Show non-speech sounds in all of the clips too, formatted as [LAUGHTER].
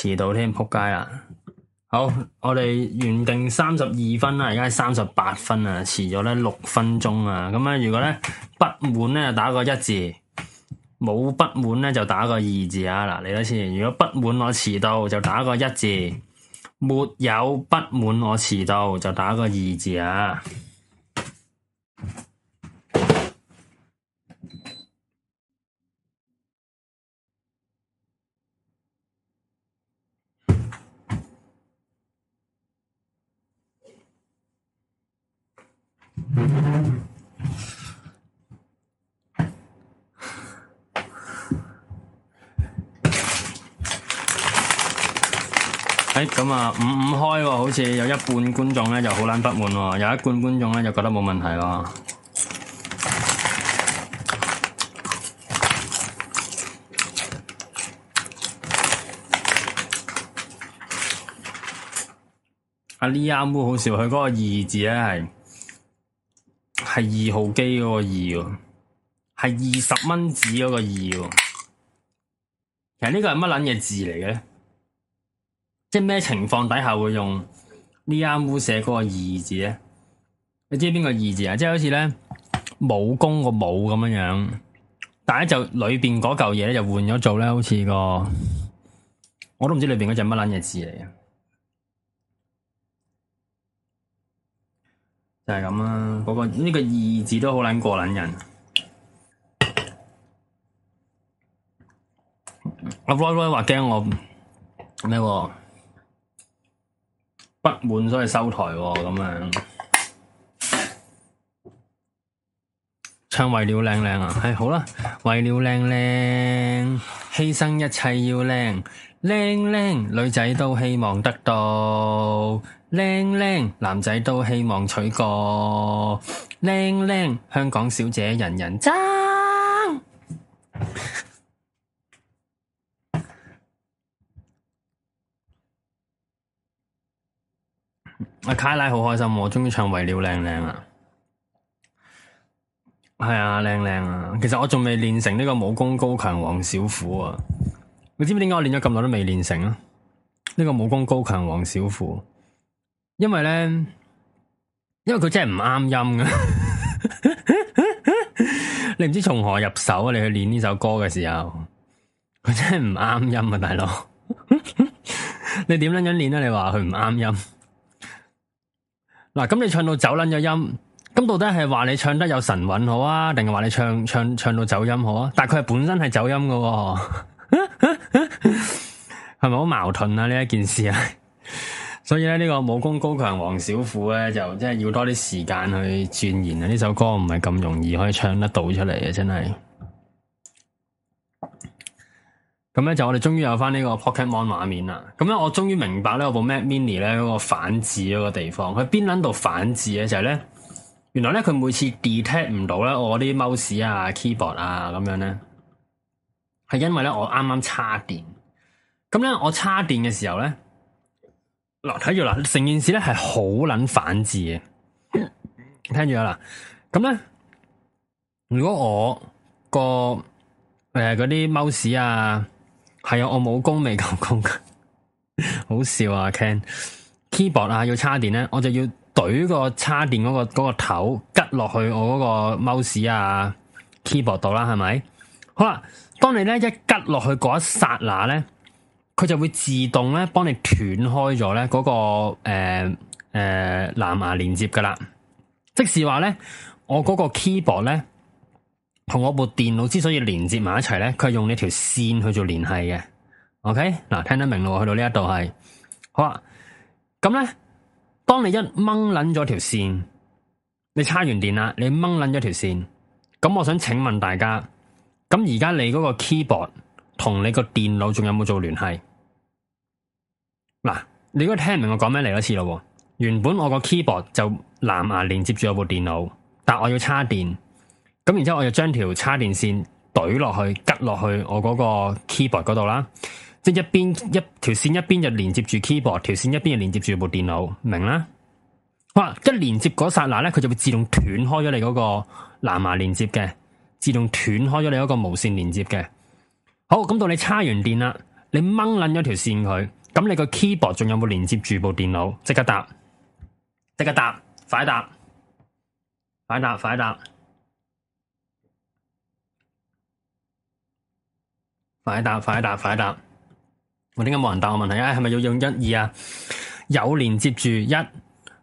遲到聽扑街啦，好，我哋原定三十二分啦，而家三十八分啊，遲咗咧六分鐘啊，咁咧如果咧不滿咧打個一字，冇不滿咧就打個二字啊，嗱你睇先，如果不滿我遲到就打個一,一,一字，沒有不滿我遲到就打個二字啊。咁啊、嗯，五五開喎、哦，好似有一半觀眾咧就好撚不滿喎、哦，有一半觀眾咧就覺得冇問題喎、哦。阿呢阿妹好笑，佢嗰個二字咧係係二號機嗰個二喎，係二十蚊紙嗰個二喎。其實呢個係乜撚嘢字嚟嘅咧？即係咩情況底下會用呢啱啱寫嗰個二字咧？你知邊個二字啊？即係好似咧，武功個武咁樣樣，但係就裏邊嗰嚿嘢咧就換咗做咧，好似個我都唔知裏邊嗰隻乜撚嘢字嚟嘅，就係咁啦。嗰個呢個二字都好撚過撚人。阿威威話驚我咩喎？不滿所以收台喎。哦，咁樣唱為了靚靚啊，係好啦，為了靚靚，犧、啊哎、牲一切要靚靚靚，女仔都希望得到靚靚，男仔都希望娶個靚靚，香港小姐人人渣。 [LAUGHS] 阿卡拉好開心、啊，我終於唱為了靚靚啊，係啊靚靚啊！其實我仲未練成呢個武功高強黃小虎啊！你知唔知點解我練咗咁耐都未練成啊？呢個武功高強黃小虎，因為咧，因為佢真係唔啱音啊！ [LAUGHS] 你唔知從何入手啊？你去練呢首歌嘅時候，佢真係唔啱音啊，大佬！ [LAUGHS] 你點樣樣練啊？你話佢唔啱音？嗱，咁你唱到走撚咗音，咁到底係話你唱得有神韻好啊，定係話你唱唱唱到走音好啊？但係佢係本身係走音嘅，哦，係咪好矛盾啊？呢一件事啊， [LAUGHS] 所以咧呢個武功高強王小虎咧，就真係要多啲時間去鑽研啊！呢首歌唔係咁容易可以唱得到出嚟嘅，真係。咁咧、嗯、就我哋終於有翻呢個 Pokemon 畫面啦。咁、嗯、咧我終於明白咧我部 Mac Mini 咧嗰、那個反字嗰個地方，佢邊撚到反字嘅就係、是、咧，原來咧佢每次 detect 唔到咧我啲 mouse 啊、keyboard 啊咁樣咧，係因為咧我啱啱插電。咁、嗯、咧、嗯、我插電嘅時候咧，嗱睇住啦，成件事咧係好撚反字嘅。聽住啊啦，咁、嗯、咧、嗯嗯、如果我個誒嗰啲 mouse 啊，係啊，我冇功未夠功噶，好笑啊 Ken keyboard 啊，要插電咧，我就要懟個插電嗰個嗰個頭，拮落去我嗰個 mouse 啊 keyboard 度啦，係咪？好啦、啊，當你咧一拮落去嗰一剎那咧，佢就會自動咧幫你斷開咗咧嗰個誒誒、呃呃、藍牙連接噶啦。即是話咧，我嗰個 keyboard 咧。同我部電腦之所以連接埋一齊呢，佢係用呢條線去做聯繫嘅。OK，嗱，聽得明咯？去到呢一度係好啊。咁呢，當你一掹捻咗條線，你叉完電啦，你掹捻咗條線，咁我想請問大家，咁而家你嗰個 keyboard 同你個電腦仲有冇做聯繫？嗱、啊，你如果聽唔明我講咩嚟一次咯，原本我個 keyboard 就藍牙連接住我部電腦，但我要叉電。咁然之後，我就將條叉電線懟落去，拮落去我嗰個 keyboard 嗰度啦。即係一邊一條線一邊就連接住 keyboard，條線一邊就連接住部電腦，明啦？哇！一連接嗰剎那咧，佢就會自動斷開咗你嗰個藍牙連接嘅，自動斷開咗你嗰個無線連接嘅。好，咁、嗯、到你叉完電啦，你掹捻咗條線佢，咁你個 keyboard 仲有冇連接住部電腦？即刻答，即刻答，快答，快答，快答！快答，快答，快答！我點解冇人答我問題啊？哎，係咪要用一、二啊？有連接住一，1,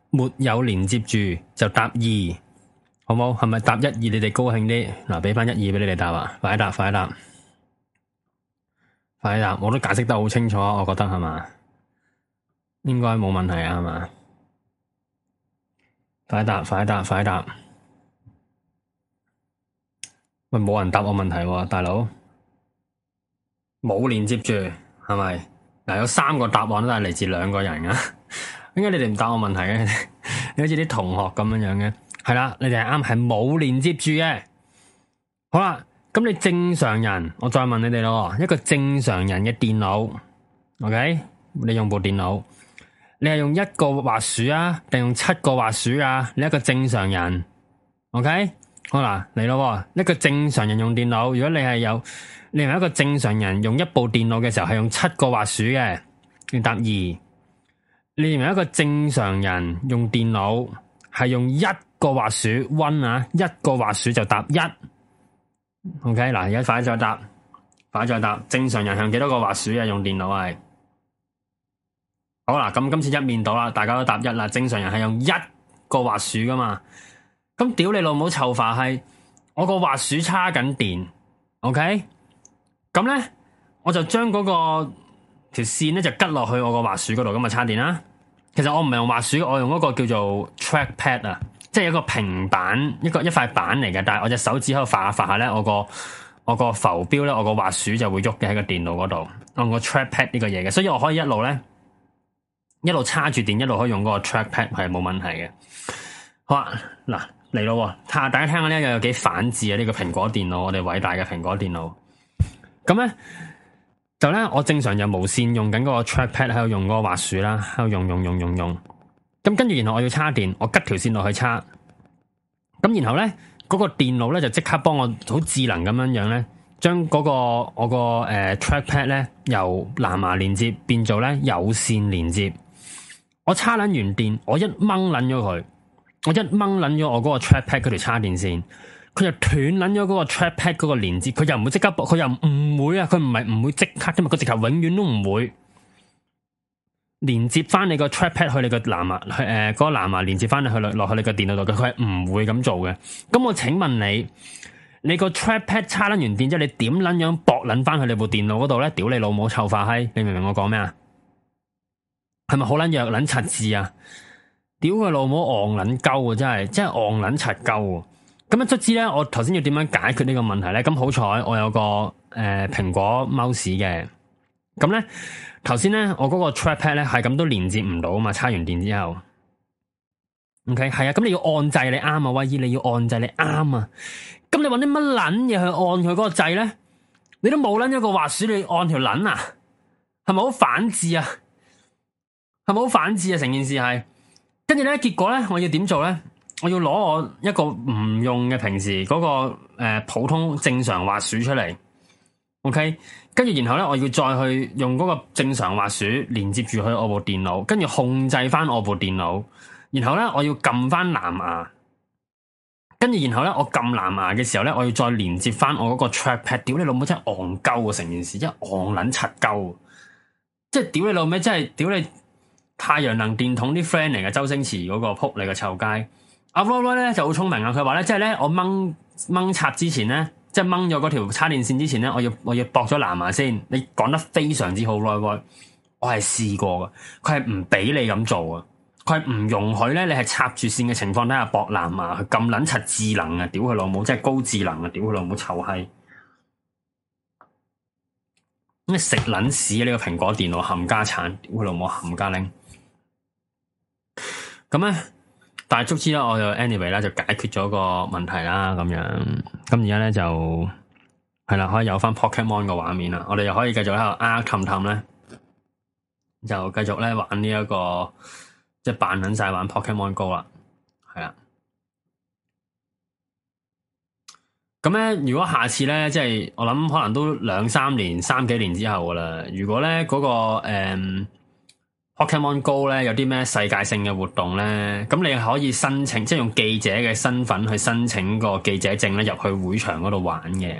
沒有連接住就答二，好冇？係咪答一、二你哋高興啲？嗱，啊，俾翻一、二畀你哋答啊！快答，快答，快答，快答！我都解釋得好清楚，我覺得係嘛，應該冇問題啊嘛！快答，快答，快答！喂，冇人答我問題喎，啊，大佬。冇連接住，係咪？嗱，啊，有三個答案都係嚟自兩個人啊。點 [LAUGHS] 解你哋唔答我問題嘅？ [LAUGHS] 你好似啲同學咁樣樣嘅，係啦，你哋係啱，係冇連接住嘅。好啦，咁你正常人，我再問你哋咯。一個正常人嘅電腦，OK？你用部電腦，你係用一個滑鼠啊，定用七個滑鼠啊？你一個正常人，OK？好啦，嚟咯，一個正常人用電腦，如果你係有。你唔係一個正常人用一部電腦嘅時候係用七個滑鼠嘅，你答二。你唔係一個正常人用電腦係用一個滑鼠 One 啊，One, 一個滑鼠就答一。OK 嗱，而家快啲再答，快再答。正常人向幾多個滑鼠啊？用電腦係。好啦，咁今次一面倒啦，大家都答一啦。正常人係用一個滑鼠噶嘛。咁屌你老母臭化閪，係我個滑鼠叉緊電。OK。咁咧，我就將嗰個條線咧就吉落去我個滑鼠嗰度，咁啊插電啦。其實我唔係用滑鼠，我用嗰個叫做 trackpad 啊，即係一個平板，一個一塊板嚟嘅。但係我隻手指喺度劃下劃下咧，我個我個浮標咧，我個滑鼠就會喐嘅喺個電腦嗰度。我用個 trackpad 呢個嘢嘅，所以我可以一路咧一路插住電，一路可以用嗰個 trackpad 係冇問題嘅。好啊，嗱嚟咯，睇下大家聽下呢，又有幾反智啊！呢個蘋果電腦，我哋偉大嘅蘋果電腦。咁咧，就咧，我正常就無線用緊嗰個 track pad 喺度用嗰個滑鼠啦，喺度用用用用用。咁跟住，然後我要插電，我吉條線落去插。咁然後咧，嗰個電腦咧就即刻幫我好智能，咁樣樣咧，將嗰個我個誒 track pad 咧由藍牙連接變做咧有線連接。我插捻完電，我一掹捻咗佢，我一掹捻咗我嗰個 track pad 嗰條插電線。佢又斷捻咗嗰個 trackpad 嗰個連接，佢又唔會即刻駁，佢又唔會啊！佢唔係唔會即刻啫嘛，佢直頭永遠都唔會連接翻你個 trackpad 去你個藍牙去，呃那個藍牙，誒，嗰個藍牙連接翻你去落去你個電腦度嘅，佢係唔會咁做嘅。咁、嗯、我請問你，你個 trackpad 叉捻完電之後，你點捻樣駁捻翻去你部電腦嗰度咧？屌你老母臭化閪！你明唔明我講咩啊？係咪好捻弱捻柒字啊？屌佢老母戇捻鳩啊！真係真係戇捻柒鳩。咁卒之咧，我頭先要點樣解決呢個問題咧？咁好彩，呃，我有個誒蘋果 mouse 嘅。咁咧，頭先咧，我嗰個 trackpad 咧係咁都連接唔到啊嘛！叉完電之後，OK 係啊。咁你要按掣，你啱啊，威爾，你要按掣，你啱啊。咁你揾啲乜捻嘢去按佢嗰個掣咧？你都冇捻一個滑鼠，你按條捻啊？係咪好反智啊？係咪好反智啊？成件事係，跟住咧，結果咧，我要點做咧？我要攞我一個唔用嘅平時嗰、那個誒、呃、普通正常滑鼠出嚟，OK，跟住然後咧我要再去用嗰個正常滑鼠連接住佢我部電腦，跟住控制翻我部電腦，然後咧我要撳翻藍牙，跟住然後咧我撳藍牙嘅時候咧我要再連接翻我嗰個 trackpad，屌、呃、你老母真係戇鳩成件事，真係戇撚柒鳩，即係屌、呃、你老味，真係屌、呃、你太陽能電筒啲 friend 嚟嘅周星馳嗰、那個撲你個臭街。阿威威咧就好聰明啊！佢話咧，即係咧我掹掹插之前咧，即係掹咗嗰條插電線之前咧，我要我要駁咗藍牙先。你講得非常之好，威威，我係試過噶，佢係唔俾你咁做啊，佢係唔容許咧你係插住線嘅情況底下駁藍牙。咁捻柒智能啊，屌佢老母！真係高智能啊，屌佢老母！臭閪！咁食捻屎啊！呢、這個蘋果電腦冚家鏟，屌佢老母冚家拎！咁咧。但係早知啦，我就 anyway 咧就解決咗個問題啦，咁樣，咁而家咧就係啦，可以有翻 Pokemon 個畫面啦，我哋又可以繼續喺度啊啊氹氹咧，就繼續咧玩呢一個即係扮撚晒玩 Pokemon GO 啦，係啦。咁咧，如果下次咧，即係我諗可能都兩三年、三幾年之後噶啦，如果咧嗰個誒。嗯 Pokemon Go 咧，有啲咩世界性嘅活動咧，咁你可以申請，即係用記者嘅身份去申請個記者證咧入去會場嗰度玩嘅。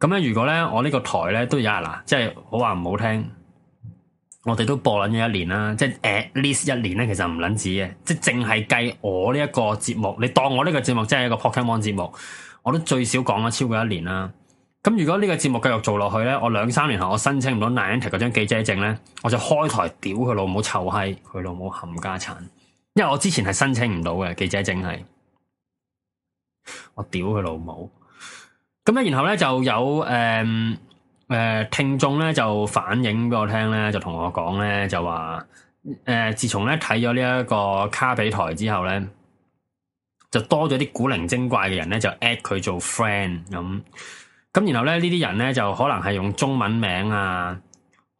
咁樣，如果咧我呢個台咧都有啊，即係好話唔好聽，我哋都播撚咗一年啦，即係 at least 一年咧，其實唔撚止嘅，即係淨係計我呢一個節目，你當我呢個節目真係一個 Pokemon 節目，我都最少講咗超過一年啦。咁如果呢個節目繼續做落去呢，我兩三年後我申請唔到 Niantic 嗰張記者證呢，我就開台屌佢老母，臭閪佢老母冚家鏟，因為我之前係申請唔到嘅記者證係，我屌佢老母。咁咧，然後呢就有誒誒、呃呃、聽眾咧就反映俾我聽呢就同我講呢，就話誒、呃、自從呢睇咗呢一個卡比台之後呢，就多咗啲古靈精怪嘅人呢，就 at 佢做 friend 咁、嗯。咁然後咧呢啲人咧就可能係用中文名啊，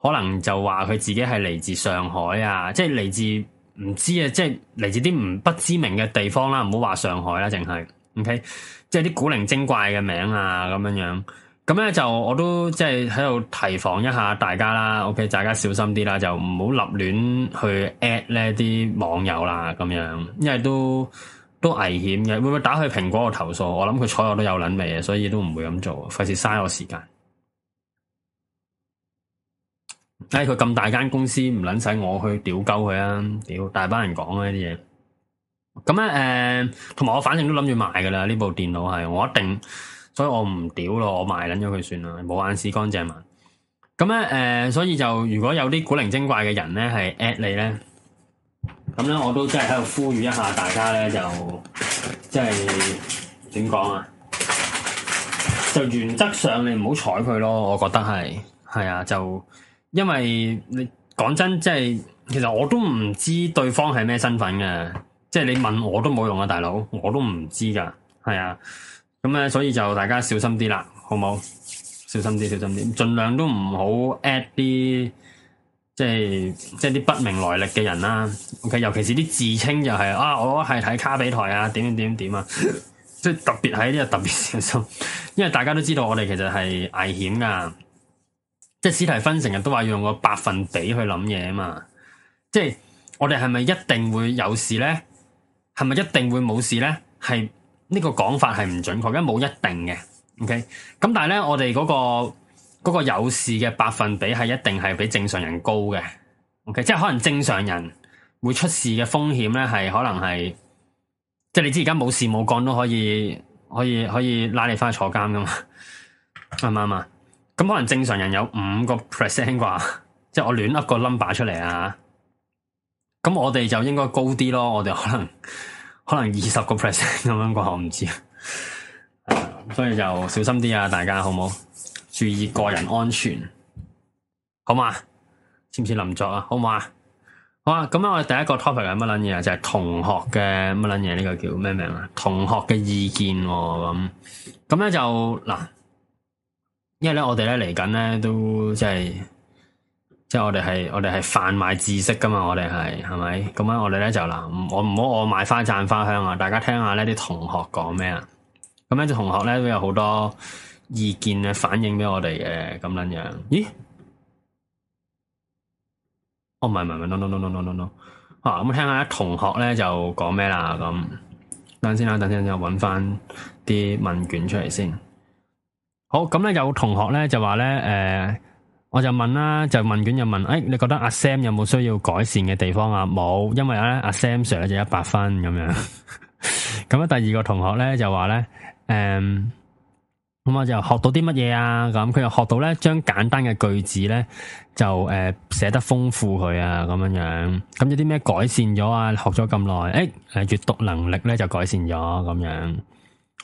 可能就話佢自己係嚟自上海啊，即係嚟自唔知啊，即係嚟自啲唔不知名嘅地方啦、啊，唔好話上海啦、啊，淨係，OK，即係啲古靈精怪嘅名啊，咁樣樣，咁咧就我都即係喺度提防一下大家啦，OK，大家小心啲啦，就唔好立亂去 at 呢啲網友啦，咁樣，因為都。都危險嘅，會唔會打去蘋果個投訴？我諗佢睬我都有撚味啊，所以都唔會咁做，費事嘥我時間。唉、哎，佢咁大間公司唔撚使我去屌鳩佢啊！屌大班人講呢啲嘢。咁咧誒，同、呃、埋我反正都諗住賣噶啦，呢部電腦係我一定，所以我唔屌咯，我賣撚咗佢算啦，冇眼屎乾淨賣。咁咧誒，所以就如果有啲古靈精怪嘅人咧，係 at 你咧。咁咧，我都真係喺度呼籲一下大家咧，就即係點講啊？就原則上你唔好睬佢咯，我覺得係係啊，就因為你講真，即係其實我都唔知對方係咩身份嘅，即係你問我都冇用啊，大佬我都唔知㗎，係啊，咁咧所以就大家小心啲啦，好冇？小心啲，小心啲，儘量都唔好 at 啲。即係即係啲不明來歷嘅人啦，OK，尤其是啲自稱就係、是、啊，我係睇卡比台啊，點點點啊，即係特別喺呢個，特別小心，因為大家都知道我哋其實係危險噶，即係史提芬成日都話要用個百分比去諗嘢啊嘛，即係我哋係咪一定會有事呢？係咪一定會冇事呢？係呢個講法係唔準確，因為冇一定嘅，OK，咁但係呢，我哋嗰、那個。嗰個有事嘅百分比係一定係比正常人高嘅，OK，即係可能正常人會出事嘅風險咧，係可能係，即係你知而家冇事冇幹都可以，可以可以拉你翻去坐監噶嘛，啱唔啱啊？咁可能正常人有五個 percent 啩， [LAUGHS] 即係我亂噏個 number 出嚟啊，咁我哋就應該高啲咯，我哋可能可能二十個 percent 咁樣啩。 [LAUGHS] 我唔知， [LAUGHS] [LAUGHS] 所以就小心啲啊，大家好唔好？注意個人安全，好嘛？似唔似林作啊？好唔好啊？好啊！咁咧，我哋第一個 topic 係乜撚嘢啊？就係、是、同學嘅乜撚嘢呢？這個叫咩名啊？同學嘅意見咁咁咧就嗱，因為咧我哋咧嚟緊咧都即係即係我哋係我哋係販賣知識噶嘛，我哋係係咪？咁咧我哋咧就嗱，我唔好我,我買花讚花香啊！大家聽下呢啲同學講咩啊？咁咧啲同學咧都有好多。意見嘅反映俾我哋誒，咁樣樣，咦？哦，唔係唔係唔係，no no no no no no，啊！咁聽下同學咧就講咩啦，咁等先啦，等先，我搵翻啲問卷出嚟先。好，咁咧有同學咧就話咧，誒，我就問啦，就問卷就問，誒，你覺得阿 Sam 有冇需要改善嘅地方啊？冇，因為咧阿 Sam Sir 就一百分咁樣。咁啊，第二個同學咧就話咧，誒。咁啊，我就學到啲乜嘢啊？咁佢又學到咧，將簡單嘅句子咧，就誒、呃，寫得豐富佢啊，咁樣樣。咁有啲咩改善咗啊？學咗咁耐，誒、欸，閱讀能力咧就改善咗咁樣。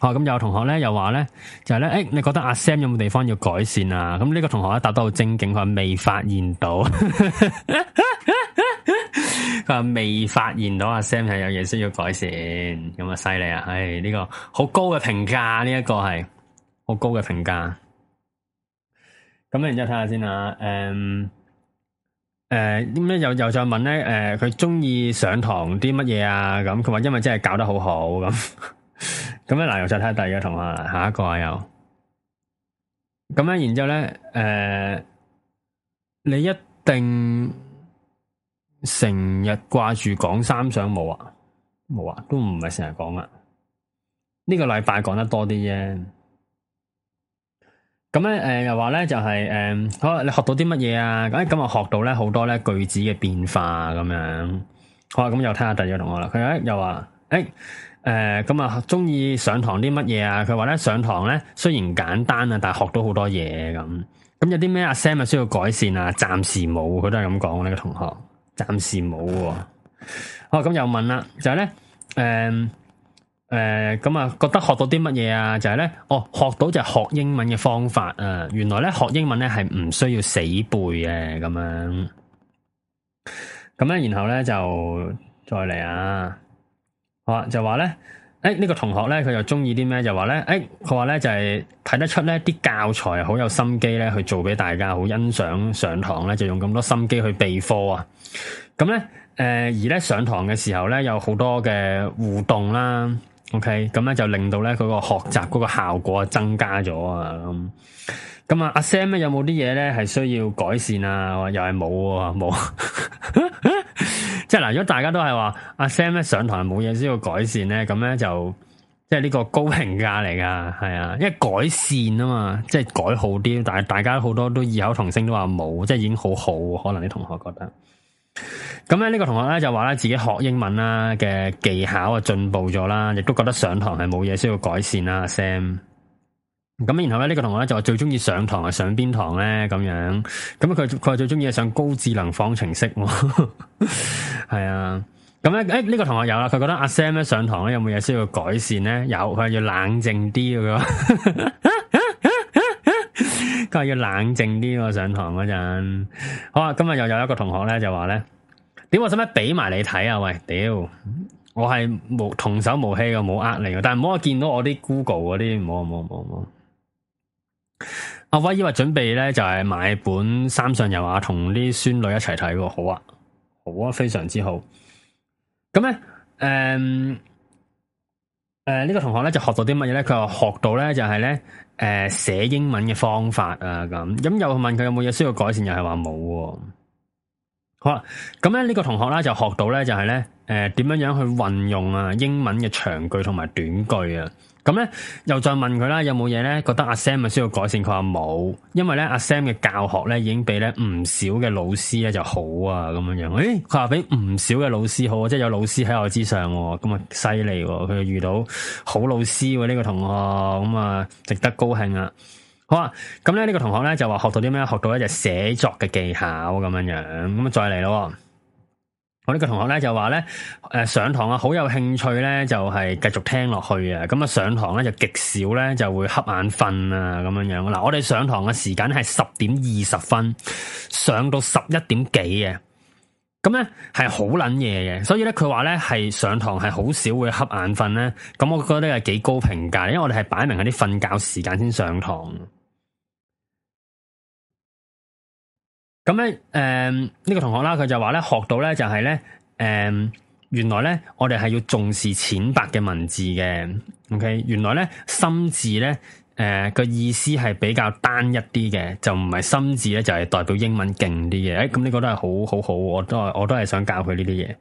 哦、啊，咁有同學咧又話咧，就咧、是，誒、欸，你覺得阿 Sam 有冇地方要改善啊？咁呢個同學咧答得好正經，佢話未發現到，佢話未發現到阿 Sam 係有嘢需要改善。咁啊，犀利啊！唉，呢個好高嘅評價，呢一個係。好高嘅評價，咁咧，然之後睇下先啦。誒、嗯，誒、嗯，咁咧又又再問咧，誒、嗯，佢中意上堂啲乜嘢啊？咁佢話因為真係搞得好好咁，咁咧，嗱、嗯、又再睇下第二個同學，下一個啊又，咁咧，然之後咧，誒、嗯，你一定成日掛住講三上舞啊，冇啊，都唔係成日講啊，呢、這個禮拜講得多啲啫。咁咧，誒、嗯、又話咧就係、是，誒、嗯，好，你學到啲乜嘢啊？咁咁啊，又學到咧好多咧句子嘅變化咁樣。好啊、欸呃、啊，咁又睇下第二個同學啦。佢咧又話，誒，誒，咁啊，鍾意上堂啲乜嘢啊？佢話咧上堂咧雖然簡單啊，但係學到好多嘢咁。咁有啲咩阿 Sam 啊需要改善啊？暫時冇，佢都係咁講呢個同學，暫時冇。好，咁又問啦，就係、是、咧，誒、嗯。誒，咁啊，覺得學到啲乜嘢啊？就係咧，哦，學到就係學英文嘅方法啊！原來咧學英文咧係唔需要死背嘅咁樣。咁咧，然後咧就再嚟啊。好啊，就話咧，誒，呢個同學咧佢又中意啲咩？就話咧，誒，佢話咧就係睇得出咧啲教材好有心機咧去做俾大家，好欣賞上堂咧就用咁多心機去備課啊。咁咧，誒，而咧上堂嘅時候咧有好多嘅互動啦。OK，咁咧就令到咧佢個學習嗰個效果增加咗啊！咁、嗯，咁啊阿 Sam 咧有冇啲嘢咧係需要改善啊？又係冇啊。冇， [LAUGHS] [LAUGHS] 即係嗱，如果大家都係話阿 Sam 咧上堂冇嘢需要改善咧，咁咧就即係呢個高評價嚟㗎，係啊，因為改善啊嘛，即係改好啲，但係大家好多都異口同聲都話冇，即係已經好好，啊，可能啲同學覺得。咁咧呢個同學咧就話咧自己學英文啦嘅技巧啊進步咗啦，亦都覺得上堂係冇嘢需要改善啦。Sam，咁然後咧呢、這個同學咧就話最中意上堂係上邊堂咧咁樣，咁佢佢最中意係上高智能方程式，係 [LAUGHS] 啊。咁咧誒呢、欸這個同學有啦，佢覺得阿 Sam 咧上堂咧有冇嘢需要改善咧？有，佢係要冷靜啲咯。 [LAUGHS] 梗係要冷靜啲咯，上堂嗰陣。好啊，今日又有一個同學咧就話咧，點我使唔使俾埋你睇啊？喂，屌，我係無同手無氣嘅，冇呃你嘅，但係唔好我見到我啲 Google 嗰啲，冇冇冇冇。阿威、啊、以為準備咧就係、是、買本《三上游》啊，同啲孫女一齊睇喎。好啊，好啊，非常之好。咁咧，誒、嗯。誒，呢、呃這個同學咧就學到啲乜嘢咧？佢話學到咧就係、是、咧，誒、呃，寫英文嘅方法啊，咁咁又問佢有冇嘢需要改善？又係話冇。好啦，咁咧呢、這個同學咧就學到咧就係、是、咧，誒、呃，點樣樣去運用啊英文嘅長句同埋短句啊。咁咧，又再問佢啦，有冇嘢咧？覺得阿 Sam 咪需要改善，佢話冇，因為咧阿 Sam 嘅教學咧已經俾咧唔少嘅老師咧就好啊，咁樣樣。誒，佢話俾唔少嘅老師好，即係有老師喺我之上，咁啊犀利喎！佢遇到好老師喎、啊，呢、呢個同學咁啊，值得高興啊！好啊，咁咧呢個同學咧就話學到啲咩？學到一隻寫作嘅技巧咁樣樣，咁啊再嚟咯、哦。我呢個同學咧就話咧，誒上堂，啊好有興趣咧，就係繼續聽落去啊！咁啊上堂咧就極少咧就會瞌眼瞓啊咁樣樣嗱，我哋上堂嘅時間係十點二十分，上到十一點幾嘅，咁咧係好撚夜嘅，所以咧佢話咧係上堂係好少會瞌眼瞓咧，咁我覺得係幾高評價，因為我哋係擺明嗰啲瞓覺時間先上堂。咁咧，誒呢、嗯，這個同學啦，佢就話咧學到咧就係、是、咧，誒、嗯、原來咧我哋係要重視淺白嘅文字嘅，OK？原來咧深字咧，誒、呃、個意思係比較單一啲嘅，就唔係深字咧就係代表英文勁啲嘅。誒、哎、咁、這、呢個都係好好好，我都係我都係想教佢呢啲嘢。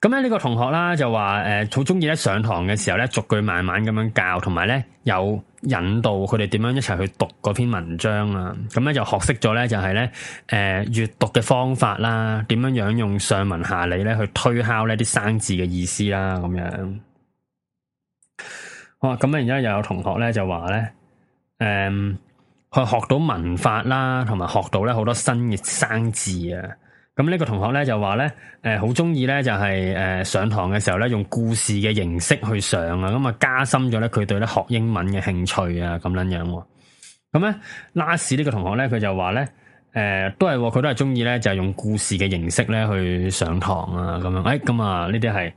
咁咧呢個同學啦就話，誒好中意咧上堂嘅時候咧逐句慢慢咁樣教，同埋咧有呢。引導佢哋點樣一齊去讀嗰篇文章啊，咁咧就學識咗咧就係咧誒閱讀嘅方法啦，點樣樣用上文下理咧去推敲呢啲生字嘅意思啦，咁樣。好，咁咧然之後又有同學咧就話咧，誒、嗯、去學到文法啦，同埋學到咧好多新嘅生字啊。咁呢個同學咧就話咧，誒、呃，好中意咧就係、是、誒、呃、上堂嘅時候咧用故事嘅形式去上啊，咁啊加深咗咧佢對咧學英文嘅興趣啊，咁樣樣。咁、嗯、咧，Lastly 呢個同學咧佢就話咧，誒、呃，都係，佢都係中意咧就係、是、用故事嘅形式咧去上堂啊，咁樣。誒、哎，咁啊呢啲係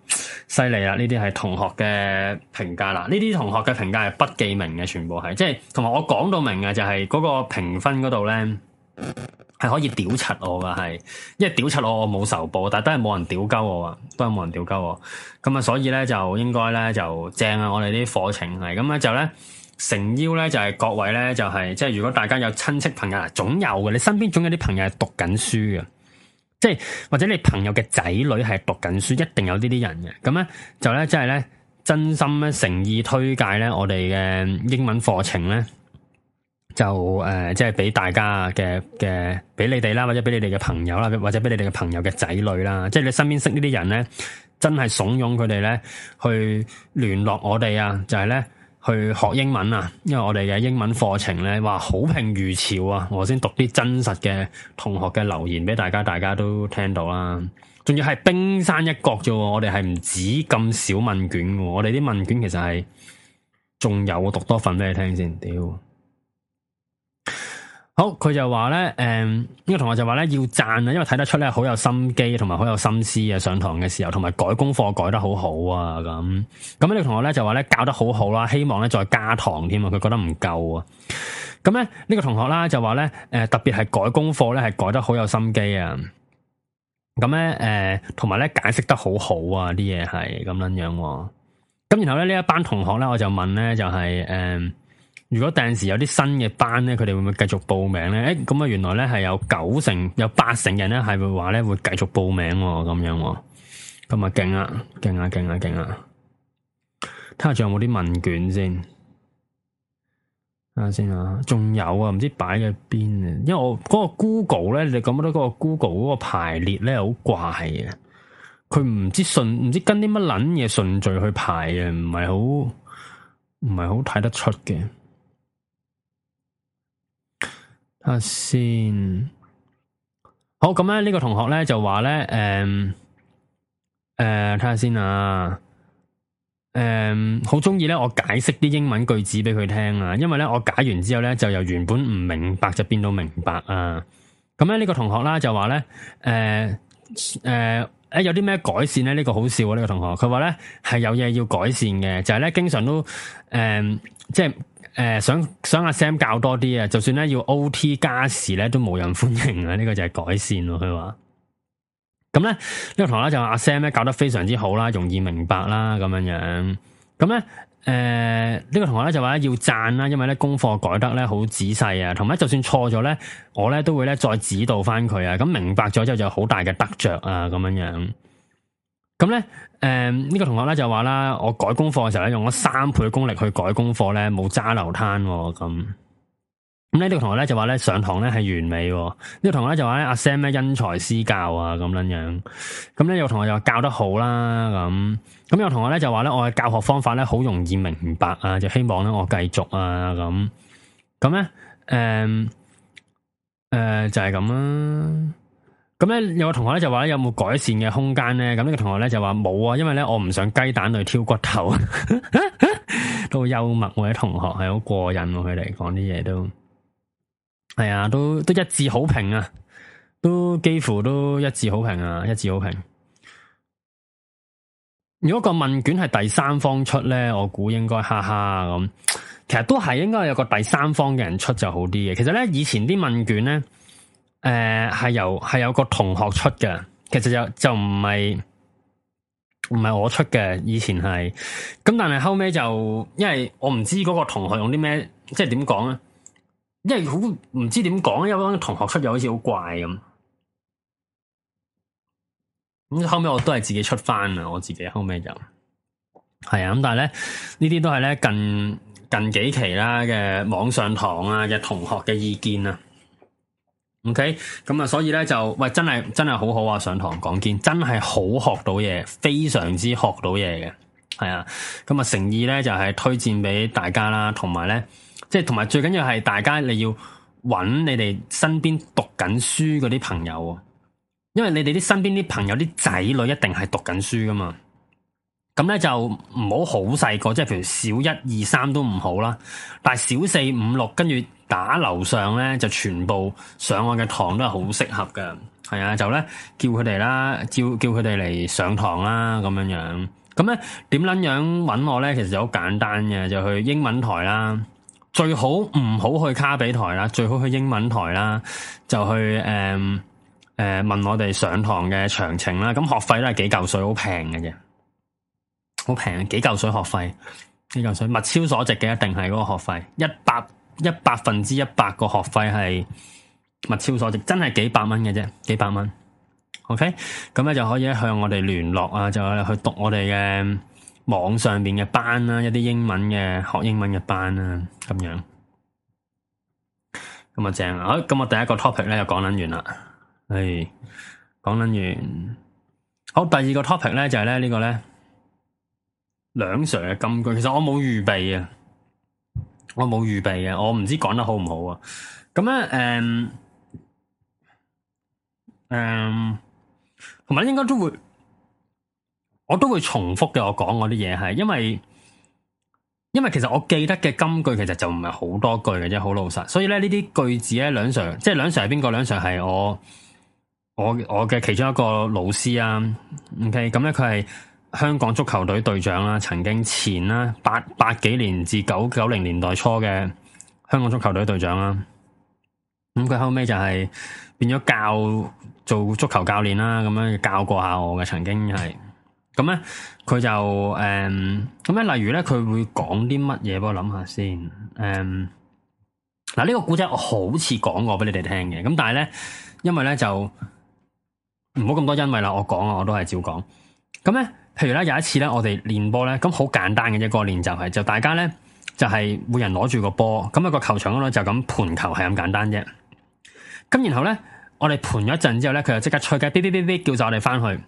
犀利啦，呢啲係同學嘅評價啦，呢啲同學嘅評價係不記名嘅，全部係，即係同學我講到明嘅就係、是、嗰個評分嗰度咧。係可以屌柒我噶，係，因為屌柒我我冇仇報，但係都係冇人屌鳩我，都係冇人屌鳩我，咁啊，所以咧就應該咧就正啊，我哋啲課程係，咁咧就咧誠邀咧就係、是、各位咧就係、是，即係如果大家有親戚朋友啊，總有嘅，你身邊總有啲朋友係讀緊書嘅，即係或者你朋友嘅仔女係讀緊書，一定有呢啲人嘅，咁咧就咧即係咧真心咧誠意推介咧我哋嘅英文課程咧。就誒、呃，即係俾大家嘅嘅，俾你哋啦，或者俾你哋嘅朋友啦，或者俾你哋嘅朋友嘅仔女啦，即係你身邊識呢啲人咧，真係慫恿佢哋咧去聯絡我哋啊！就係、是、咧去學英文啊，因為我哋嘅英文課程咧，哇，好評如潮啊！我先讀啲真實嘅同學嘅留言俾大家，大家都聽到啦。仲要係冰山一角啫，我哋係唔止咁少問卷，我哋啲問卷其實係仲有，讀多份俾你聽先，屌！ [LAUGHS] 好，佢就話咧，誒，呢個同學就話咧，要讚啊，因為睇得出咧，好有心機，同埋好有心思啊，上堂嘅時候，同埋改功課改得好好啊，咁，咁呢個同學咧就話咧，教得好好啦，希望咧再加堂添啊，佢覺得唔夠啊，咁咧呢個同學啦就話咧，誒，特別係改功課咧係改得好有心機啊，咁咧，誒，同埋咧解釋得好好啊，啲嘢係咁樣樣，咁然後咧呢一班同學咧，我就問咧，就係，誒。如果第陣時有啲新嘅班咧，佢哋會唔會繼續報名咧？誒、欸，咁啊，原來咧係有九成、有八成人咧係會話咧會繼續報名咁、哦、樣、哦，咁啊勁啊勁啊勁啊勁啊！睇下仲有冇啲問卷先，睇下先啊，仲有啊，唔知擺喺邊啊。因為我嗰、那個 Google 咧，你咁覺得嗰個 Google 嗰個排列咧，好怪嘅，佢唔知順唔知跟啲乜撚嘢順序去排嘅，唔係好唔係好睇得出嘅。下先，好，咁咧呢個同學咧就話咧，誒、嗯，誒、呃，睇下先啊，誒、嗯，好鍾意咧，我解釋啲英文句子俾佢聽啊，因為咧，我解完之後咧，就由原本唔明白就變到明白啊。咁咧，呢、這個同學啦就話咧，誒、呃，誒，誒，有啲咩改善咧？呢、這個好笑啊！呢、這個同學，佢話咧係有嘢要改善嘅，就係、是、咧，經常都，誒、呃，即係。誒、呃，想想阿 Sam 教多啲啊，就算咧要 OT 加時咧，都冇人歡迎啊！呢、這個就係改善咯，佢話。咁咧呢、這個同學咧就話阿、啊、Sam 咧教得非常之好啦，容易明白啦，咁樣樣。咁咧誒呢、呃這個同學咧就話要讚啦，因為咧功課改得咧好仔細啊，同埋就算錯咗咧，我咧都會咧再指導翻佢啊。咁明白咗之後就好大嘅得着啊，咁樣樣。咁咧，誒，呢、嗯這個同學咧就話啦，我改功課嘅時候咧，用咗三倍功力去改功課咧，冇揸流攤咁、哦。咁呢、嗯這個同學咧就話咧，上堂咧係完美、哦。呢、這個同學咧就話咧，阿、啊、Sam 咧因材施教啊，咁樣樣。咁咧有同學就話教得好啦，咁咁有同學咧就話咧，我嘅教學方法咧好容易明白啊，就希望咧我繼續啊，咁咁咧，誒，誒、嗯呃，就係咁啦。咁咧，有個同學咧就話咧，有冇改善嘅空間咧？咁、那、呢個同學咧就話冇啊，因為咧我唔想雞蛋去挑骨頭， [LAUGHS] 都幽默。我啲同學係好過癮、啊，佢哋講啲嘢都係啊，都都一致好評啊，都幾乎都一致好評啊，一致好評。如果個問卷係第三方出咧，我估應該哈哈咁。其實都係應該有個第三方嘅人出就好啲嘅。其實咧以前啲問卷咧。誒，係、呃、由係有個同學出嘅，其實就就唔係唔係我出嘅，以前係，咁但係後尾就因為我唔知嗰個同學用啲咩，即係點講咧，因為好唔知點講，因為同學出就好似好怪咁，咁後尾我都係自己出翻啊，我自己後尾就係啊，咁但係咧呢啲都係咧近近幾期啦嘅網上堂啊嘅同學嘅意見啊。OK，咁、嗯、啊，所以咧就喂，真係真係好好啊！上堂講堅，真係好學到嘢，非常之學到嘢嘅，係啊。咁、嗯、啊，誠意咧就係、是、推薦俾大家啦，同埋咧，即係同埋最緊要係大家，你要揾你哋身邊讀緊書嗰啲朋友，因為你哋啲身邊啲朋友啲仔女一定係讀緊書噶嘛。咁咧就唔好好細個，即係譬如小一二三都唔好啦，但係小四五六跟住。打樓上咧就全部上我嘅堂都係好適合嘅，係啊，就咧叫佢哋啦，叫叫佢哋嚟上堂啦咁樣樣。咁咧點捻樣揾我咧？其實好簡單嘅，就去英文台啦。最好唔好去卡比台啦，最好去英文台啦。就去誒誒、嗯嗯、問我哋上堂嘅詳情啦。咁學費都係幾嚿水，好平嘅啫，好平幾嚿水學費，幾嚿水物超所值嘅，一定係嗰個學費一百，一百分之一百個學費係物超所值，真係幾百蚊嘅啫，幾百蚊。OK，咁咧就可以向我哋聯絡啊，就去讀我哋嘅網上邊嘅班啦、啊，一啲英文嘅學英文嘅班啦、啊，咁樣咁啊正啊。好，咁我第一個 topic 咧就講捻完啦，係講捻完。好，第二個 topic 咧就係、是、咧呢個咧梁 Sir 嘅金句，其實我冇預備啊。我冇預備嘅，我唔知講得好唔好啊！咁咧，誒，誒，同埋應該都會，我都會重複嘅。我講嗰啲嘢係，因為因為其實我記得嘅金句其實就唔係好多句嘅啫，好老實。所以咧呢啲句子咧，梁 Sir，即係梁 Sir 係邊個？梁 Sir 係我我我嘅其中一個老師啊。OK，咁咧佢係。香港足球隊隊長啦，曾經前啦，八八幾年至九九零年代初嘅香港足球隊隊長啦，咁佢後尾就係變咗教做足球教練啦，咁樣教過下我嘅，曾經係咁咧，佢就誒，咁咧，例如咧，佢會講啲乜嘢？俾我諗下先誒，嗱、這、呢個古仔我好似講過俾你哋聽嘅，咁但係咧，因為咧就唔好咁多因為啦，我講啊，我都係照講，咁咧。譬如咧有一次咧，我哋練波咧，咁好簡單嘅啫。個練習就大家咧就係每人攞住個波，咁、那、喺個球場嗰度就咁盤球係咁簡單啫。咁然後咧我哋盤咗一陣之後咧，佢就即刻吹雞，嗶嗶嗶嗶叫咗我哋翻去。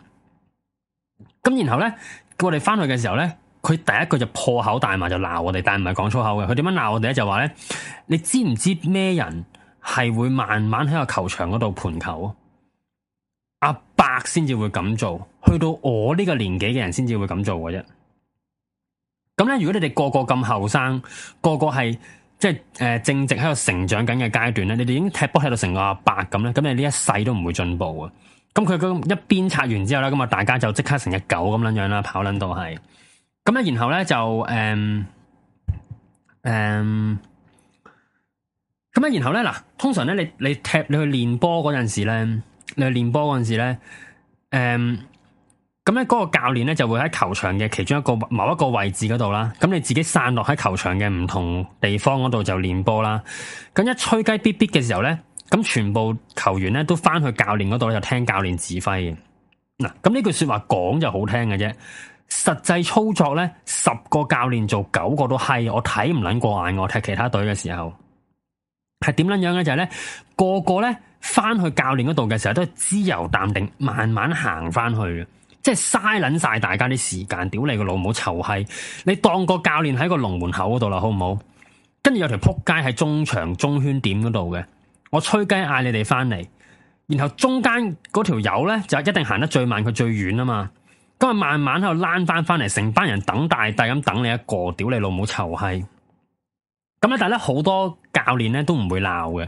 咁然後咧叫我哋翻去嘅時候咧，佢第一句就破口大罵就鬧我哋，但唔係講粗口嘅。佢點樣鬧我哋咧？就話咧，你知唔知咩人係會慢慢喺個球場嗰度盤球？百先至會咁做，去到我呢個年紀嘅人先至會咁做嘅啫。咁咧，如果你哋個個咁後生，個個係即係誒正值喺度成長緊嘅階段咧，你哋已經踢波踢到成個阿伯咁咧，咁你呢一世都唔會進步嘅！咁佢咁一邊拆完之後咧，咁啊大家就即刻成隻狗咁樣樣啦，跑捻到係。咁咧，然後咧就誒誒，咁、嗯、咧、嗯、然後咧嗱，通常咧你你踢你去練波嗰陣時咧。你練波嗰陣時咧，誒，咁咧嗰個教練咧就會喺球場嘅其中一個某一個位置嗰度啦。咁你自己散落喺球場嘅唔同地方嗰度就練波啦。咁一吹雞嗶嗶嘅時候咧，咁全部球員咧都翻去教練嗰度就聽教練指揮。嗱，咁呢句說話講就好聽嘅啫，實際操作咧，十個教練做九個都係，我睇唔捻過眼。我踢其他隊嘅時候，係點捻樣嘅就係咧，個個咧。翻去教練嗰度嘅時候都係自由淡定，慢慢行翻去，即係嘥捻晒大家啲時間，屌你個老母臭閪！你當個教練喺個龍門口嗰度啦，好唔好？跟住有條撲街喺中場中圈點嗰度嘅，我吹雞嗌你哋翻嚟，然後中間嗰條友呢，就一定行得最慢，佢最遠啊嘛，咁啊慢慢喺度攣翻翻嚟，成班人等大帝咁等你一個，屌你老母臭閪！咁 [NOISE] 咧樂， [MUSIC] 但係咧好多教練呢，都唔會鬧嘅。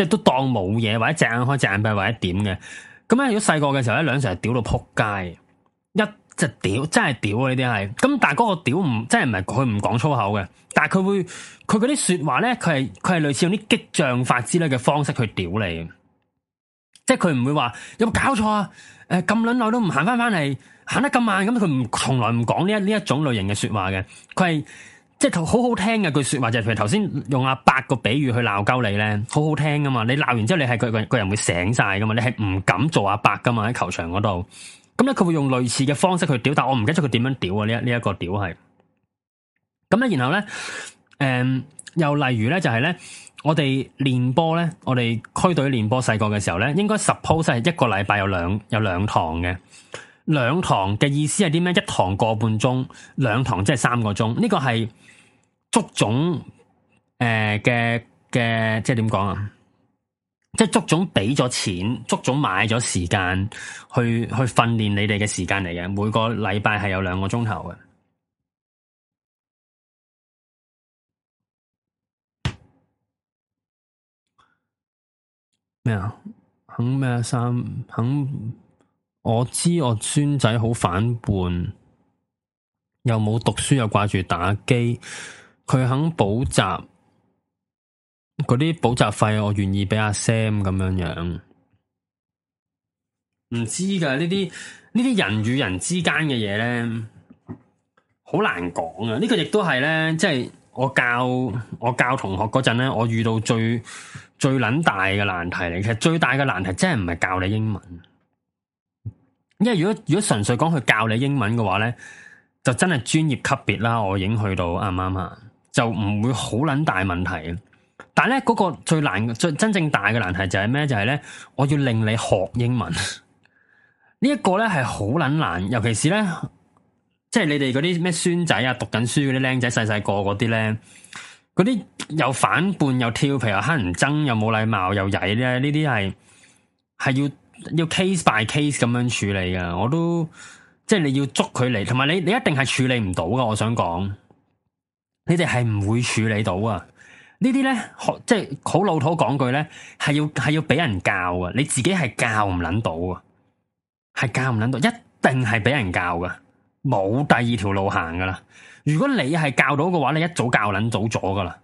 即係都當冇嘢，或者隻眼開隻眼閉，或者點嘅。咁咧，如果細個嘅時候咧，兩成係屌到撲街，一隻屌，真係屌啊！呢啲係。咁但係嗰個屌唔，真係唔係佢唔講粗口嘅，但係佢會，佢嗰啲說話咧，佢係佢係類似用啲激將法之類嘅方式去屌你。即係佢唔會話有冇搞錯啊？誒咁卵耐都唔行翻翻嚟，行得咁慢，咁佢唔從來唔講呢一呢一種類型嘅說話嘅，佢係。即係好好聽嘅句說話，就係譬如頭先用阿伯個比喻去鬧鳩你咧，好好聽噶嘛。你鬧完之後你，你係佢個人會醒晒噶嘛。你係唔敢做阿伯噶嘛，喺球場嗰度。咁咧佢會用類似嘅方式去屌，但我唔記得咗佢點樣屌啊呢一呢一個屌係。咁、這、咧、個、然後咧，誒、嗯、又例如咧就係、是、咧，我哋練波咧，我哋區隊練波細個嘅時候咧，應該 suppose 係一個禮拜有兩有兩堂嘅，兩堂嘅意思係啲咩？一堂個半鐘，兩堂即係三個鐘。呢、這個係。足總誒嘅嘅，即係點講啊？即係足總俾咗錢，足總買咗時間去去訓練你哋嘅時間嚟嘅。每個禮拜係有兩個鐘頭嘅。咩啊？肯咩啊？三肯？我知我孫仔好反叛，又冇讀書，又掛住打機。佢肯補習嗰啲補習費，我願意畀阿 Sam 咁樣樣。唔知噶，呢啲呢啲人與人之間嘅嘢咧，好難講啊！呢個亦都係咧，即係我教我教同學嗰陣咧，我遇到最最撚大嘅難題嚟。其實最大嘅難題真係唔係教你英文，因為如果如果純粹講佢教你英文嘅話咧，就真係專業級別啦。我已經去到啱唔啱啊？是就唔會好撚大問題，但係咧嗰個最難、最真正大嘅難題就係咩？就係、是、咧，我要令你學英文， [LAUGHS] 呢一個咧係好撚難，尤其是咧，即係你哋嗰啲咩孫仔啊，讀緊書嗰啲僆仔，細細個嗰啲咧，嗰啲又反叛、又調皮、又乞人憎、又冇禮貌、又曳咧，呢啲係係要要 case by case 咁樣處理噶，我都即係你要捉佢嚟，同埋你你一定係處理唔到噶，我想講。你哋係唔會處理到啊！呢啲咧，即係好老土講句咧，係要係要俾人教啊！你自己係教唔捻到啊，係教唔捻到，一定係俾人教噶，冇第二條路行噶啦！如果你係教到嘅話，你一早教捻早咗噶啦。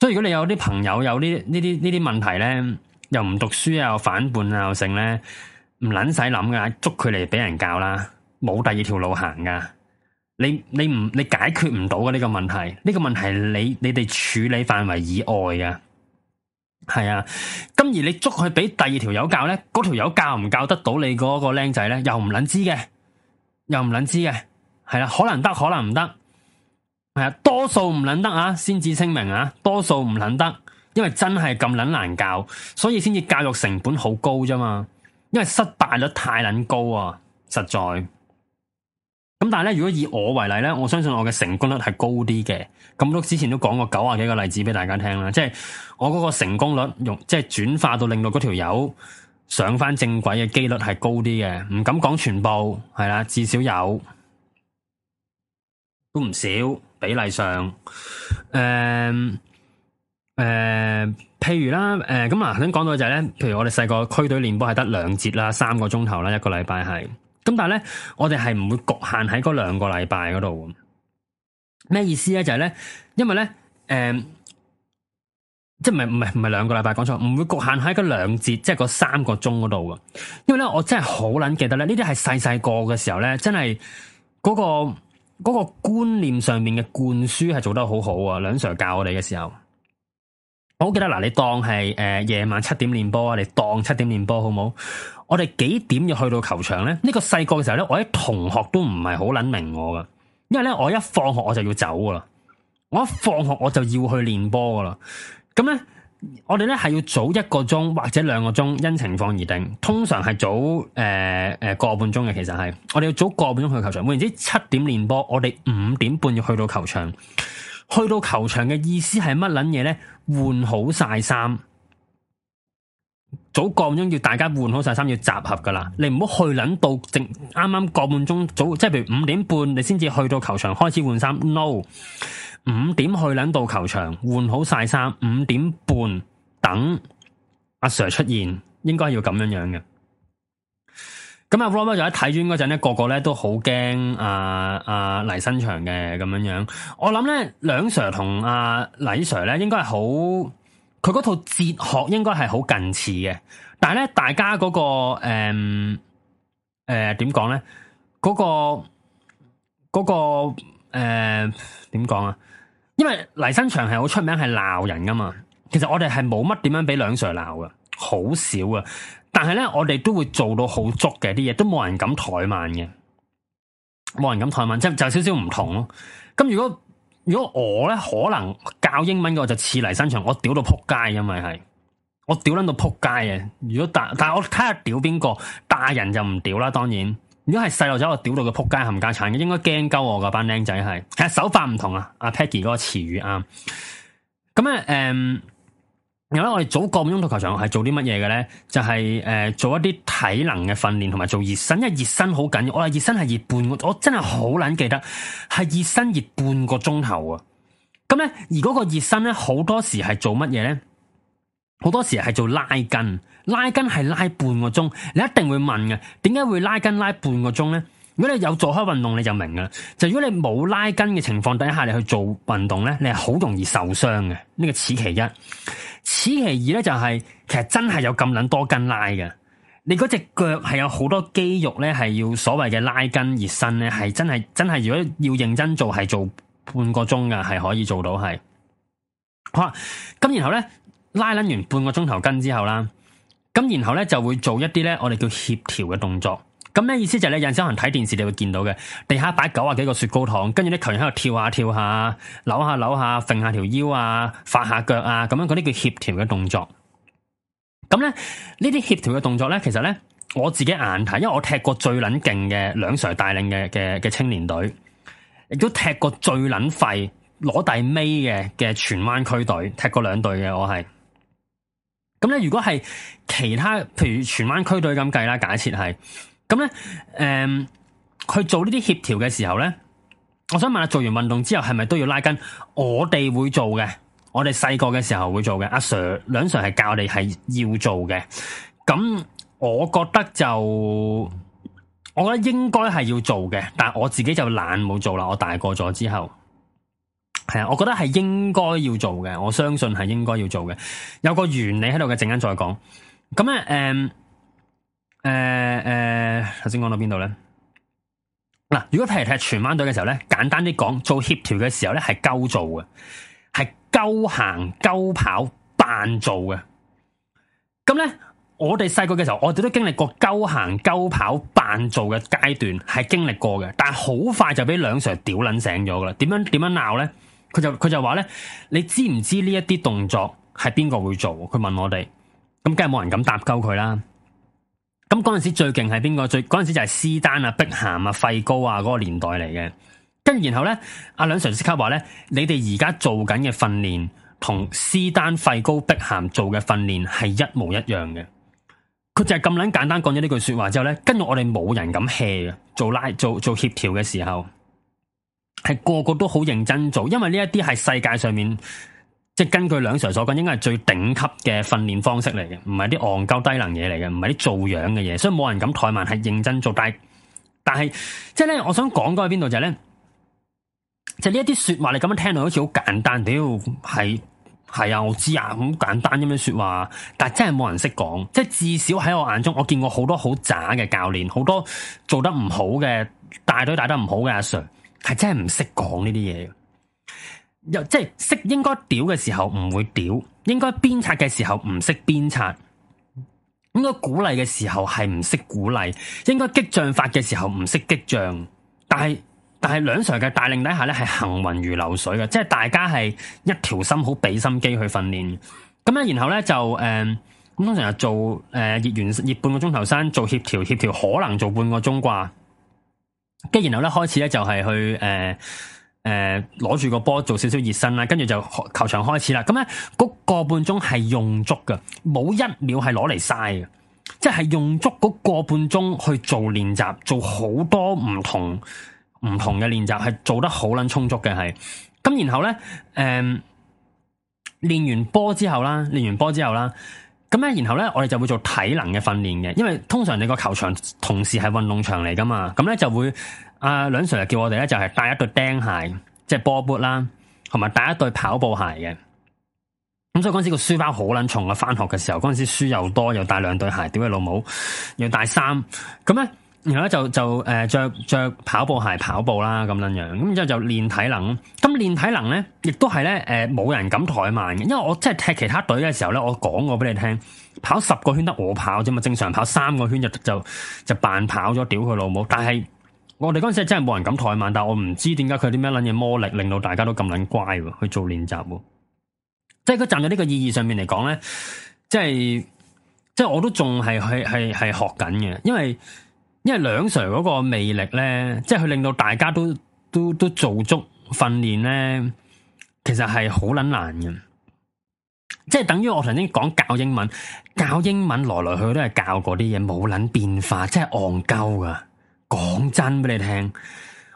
所以如果你有啲朋友有呢呢啲呢啲問題咧，又唔讀書又反叛啊，又剩咧唔捻使諗噶，捉佢嚟，俾人教啦，冇第二條路行噶。你你唔你解決唔到嘅呢個問題，呢個問題你你哋處理範圍以外嘅，係啊。咁而你捉佢俾第二條友教呢，嗰條友教唔教得到你嗰個僆仔呢？又唔捻知嘅，又唔捻知嘅，係啦、啊，可能得可能唔得，係啊，多數唔捻得啊，先至聲明啊，多數唔捻得，因為真係咁捻難教，所以先至教育成本好高啫嘛，因為失敗率太捻高啊，實在。咁但係咧，如果以我為例咧，我相信我嘅成功率係高啲嘅。咁都之前都講過九啊幾個例子俾大家聽啦，即係我嗰個成功率用，即係轉化到令到嗰條友上返正軌嘅幾率係高啲嘅。唔敢講全部，係啦，至少有，都唔少，比例上。誒、呃、誒、呃，譬如啦，誒咁啊，想講到就係、是、咧，譬如我哋細個區隊練波係得兩節啦，三個鐘頭啦，一個禮拜係。咁但係咧，我哋係唔會局限喺嗰兩個禮拜嗰度嘅。咩意思咧？就係、是、咧，因為咧，誒、呃，即係唔係唔係唔係兩個禮拜，講錯，唔會局限喺嗰兩節，即係嗰三個鐘嗰度嘅。因為咧，我真係好捻記得咧，呢啲係細細個嘅時候咧，真係嗰、那個嗰、那個觀念上面嘅灌輸係做得好好啊。梁 Sir 教我哋嘅時候。我好記得嗱，你當係誒、呃、夜晚七點練波啊，你當七點練波好唔好？我哋幾點要去到球場咧？呢、這個細個嘅時候咧，我啲同學都唔係好捻明我噶，因為咧，我一放學我就要走噶啦，我一放學我就要去練波噶啦。咁咧，我哋咧係要早一個鐘或者兩個鐘，因情況而定。通常係早誒誒、呃、個半鐘嘅，其實係我哋要早個半鐘去球場。換言之，七點練波，我哋五點半要去到球場。去到球場嘅意思係乜捻嘢呢？換好晒衫，早個半鐘要大家換好晒衫，要集合噶啦。你唔好去捻到正啱啱個半鐘早，即係譬如五點半你先至去到球場開始換衫。no，五點去捻到球場換好晒衫，五點半等阿 Sir 出現，應該要咁樣樣嘅。咁啊，羅伯就一睇轉嗰陣咧，個個咧都好驚啊！啊黎新祥嘅咁樣樣，我諗咧梁 Sir 同阿、啊、黎 Sir 咧，應該係好佢嗰套哲學應該係好近似嘅，但係咧大家嗰、嗰個誒誒點講咧？嗰、嗯呃嗰個嗰、嗰個誒點講啊？因為黎新祥係好出名係鬧人噶嘛，其實我哋係冇乜點樣俾梁 Sir 鬧噶，好少啊。但係咧，我哋都會做到好足嘅，啲嘢，都冇人敢怠慢嘅，冇人敢怠慢，即係就少少唔同咯、啊。咁如果如果我咧，可能教英文嘅，我就似嚟新場，我屌到撲街，因為係我屌捻到撲街嘅。如果帶，但係我睇下屌邊個，大人就唔屌啦。當然，如果係細路仔，我屌到佢撲街，冚家鏟嘅，應該驚鳩我嗰班僆仔係。其、啊、手法唔同啊，阿、啊、Peggy 嗰個詞語啊。咁啊，誒、嗯。然後咧，我哋早個半鐘頭球場係做啲乜嘢嘅咧？就係、是、誒、呃、做一啲體能嘅訓練，同埋做熱身。因為熱身好緊要，我話熱身係熱半個，我真係好難記得係熱身熱半個鐘頭啊！咁咧，而嗰個熱身咧，好多時係做乜嘢咧？好多時係做拉筋，拉筋係拉半個鐘。你一定會問嘅，點解會拉筋拉半個鐘咧？如果你有做開運動，你就明噶啦。就如果你冇拉筋嘅情況底下，你去做運動咧，你係好容易受傷嘅。呢、這個此其一。此其二咧，就是，就係其實真係有咁捻多筋拉嘅，你嗰隻腳係有好多肌肉咧，係要所謂嘅拉筋熱身咧，係真係真係，如果要認真做，係做半個鐘噶，係可以做到係。好啦，咁然後咧拉捻完半個鐘頭筋之後啦，咁然後咧就會做一啲咧，我哋叫協調嘅動作。咁咩意思、就是，就係你有陣時可能睇電視，你會見到嘅，地下擺九啊幾個雪糕糖，跟住啲球員喺度跳下跳下，扭下扭下，揈下條腰發下啊，發下腳啊，咁樣嗰啲叫協調嘅動作。咁咧呢啲協調嘅動作咧，其實咧我自己眼睇，因為我踢過最捻勁嘅梁 Sir 帶領嘅嘅嘅青年隊，亦都踢過最捻廢攞第尾嘅嘅荃灣區隊，踢過兩隊嘅我係。咁咧如果係其他譬如荃灣區隊咁計啦，假設係。咁咧，誒、嗯，去做呢啲協調嘅時候咧，我想問下，做完運動之後係咪都要拉筋？我哋會做嘅，我哋細個嘅時候會做嘅，阿、啊、Sir 兩 Sir 係教你哋係要做嘅。咁我覺得就，我覺得應該係要做嘅，但係我自己就懶冇做啦。我大個咗之後，係啊，我覺得係應該要做嘅，我相信係應該要做嘅，有個原理喺度嘅，陣間再講。咁啊，誒、嗯。誒誒，頭先講到邊度咧？嗱、啊，如果踢嚟踢全班隊嘅時候咧，簡單啲講，做協調嘅時候咧係鳩做嘅，係鳩行鳩跑扮做嘅。咁咧，我哋細個嘅時候，我哋都經歷過鳩行鳩跑扮做嘅階段，係經歷過嘅。但係好快就俾梁 Sir 屌撚醒咗㗎啦。點樣點樣鬧咧？佢就佢就話咧，你知唔知呢一啲動作係邊個會做？佢問我哋，咁梗係冇人敢搭鳩佢啦。咁嗰陣時最勁係邊個最？嗰陣時就係施丹啊、碧咸啊、費高啊嗰個年代嚟嘅。跟住然後呢，阿梁 Sir 即刻話呢，你哋而家做緊嘅訓練同施丹、費高、碧咸做嘅訓練係一模一樣嘅。佢就係咁簡單講咗呢句說話之後呢，跟住我哋冇人敢 hea 嘅，做拉做做協調嘅時候，係個個都好認真做，因為呢一啲係世界上面。即根據梁 Sir 所講，應該係最頂級嘅訓練方式嚟嘅，唔係啲戇鳩低能嘢嚟嘅，唔係啲做樣嘅嘢，所以冇人敢怠慢，係認真做。但但係即係咧，我想講過去邊度就係咧，就係、呢一啲説話你咁樣聽到好似好簡單，屌係係啊，我知啊，好簡單咁樣説話，但真係冇人識講。即、就、係、係、至少喺我眼中，我見過好多好渣嘅教練，好多做得唔好嘅大隊大得唔好嘅阿 Sir，係真係唔識講呢啲嘢又即係識應該屌嘅時候唔會屌，應該鞭策嘅時候唔識鞭策，應該鼓勵嘅時候係唔識鼓勵，應該激將法嘅時候唔識激將。但係但係梁 Sir 嘅帶領底下呢係行雲如流水嘅，即係大家係一條心，好俾心機去訓練。咁咧，然後呢，就誒，咁、呃、通常係做誒熱、呃、完熱半個鐘頭山，做協調協調，協調可能做半個鐘挂。跟住然後呢，開始呢就係去誒。呃誒，攞住、呃、個波做少少熱身啦，跟住就球場開始啦。咁咧嗰個半鐘係用足嘅，冇一秒係攞嚟嘥嘅，即係用足嗰個半鐘去做練習，做好多唔同唔同嘅練習，係做得好捻充足嘅係。咁然後呢，誒、呃，練完波之後啦，練完波之後啦。咁咧，然後咧，我哋就會做體能嘅訓練嘅，因為通常你個球場同時係運動場嚟噶嘛，咁、嗯、咧就會阿、呃、梁 Sir 就叫我哋咧就係、是、帶一對釘鞋，即係波 boot 啦，同埋帶一對跑步鞋嘅。咁、嗯、所以嗰陣時個書包好撚重啊！翻學嘅時候，嗰陣時書又多，又帶兩對鞋，屌你老母，又帶衫，咁咧。然後咧就就誒、呃、着着跑步鞋跑步啦咁樣樣，咁然之後就練體能。咁練體能咧，亦都係咧誒冇人敢怠慢嘅。因為我即係踢其他隊嘅時候咧，我講過俾你聽，跑十個圈得我跑啫嘛，正常跑三個圈就就就，就扮跑咗，屌佢老母！但係我哋嗰陣時真係冇人敢怠慢，但係我唔知點解佢啲咩捻嘢魔力，令到大家都咁捻乖去做練習。即係佢站在呢個意義上面嚟講咧，即係即係我都仲係係係學緊嘅，因為。因為梁 Sir 嗰個魅力咧，即係佢令到大家都都都做足訓練咧，其實係好捻難嘅。即係等於我曾經講教英文，教英文來來去都係教嗰啲嘢，冇捻變化，即係戇鳩噶。講真俾你聽，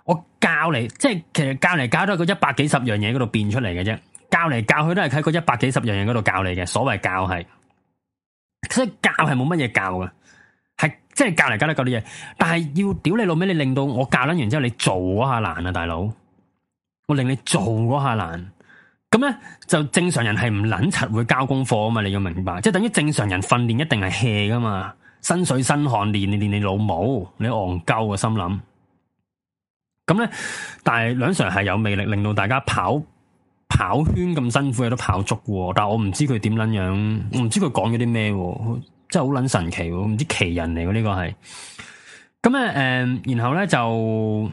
我教你，即係其實教嚟教都喺嗰一百幾十樣嘢嗰度變出嚟嘅啫。教嚟教去都係喺嗰一百幾十樣嘢嗰度教你嘅。所謂教係，即係教係冇乜嘢教㗎。即係隔嚟隔得夠啲嘢，但係要屌你老味，你令到我教撚完之後，你做嗰下難啊，大佬！我令你做嗰下難，咁咧就正常人係唔撚柒會交功課啊嘛！你要明白，即係等於正常人訓練一定係 hea 噶嘛，身水身汗練你練你老母，你戇鳩啊心諗。咁咧，但係梁 Sir 係有魅力，令到大家跑跑圈咁辛苦，有得跑足嘅。但係我唔知佢點捻樣，我唔知佢講咗啲咩。真係好捻神奇，唔知奇人嚟嘅呢個係。咁啊，誒，然後咧就，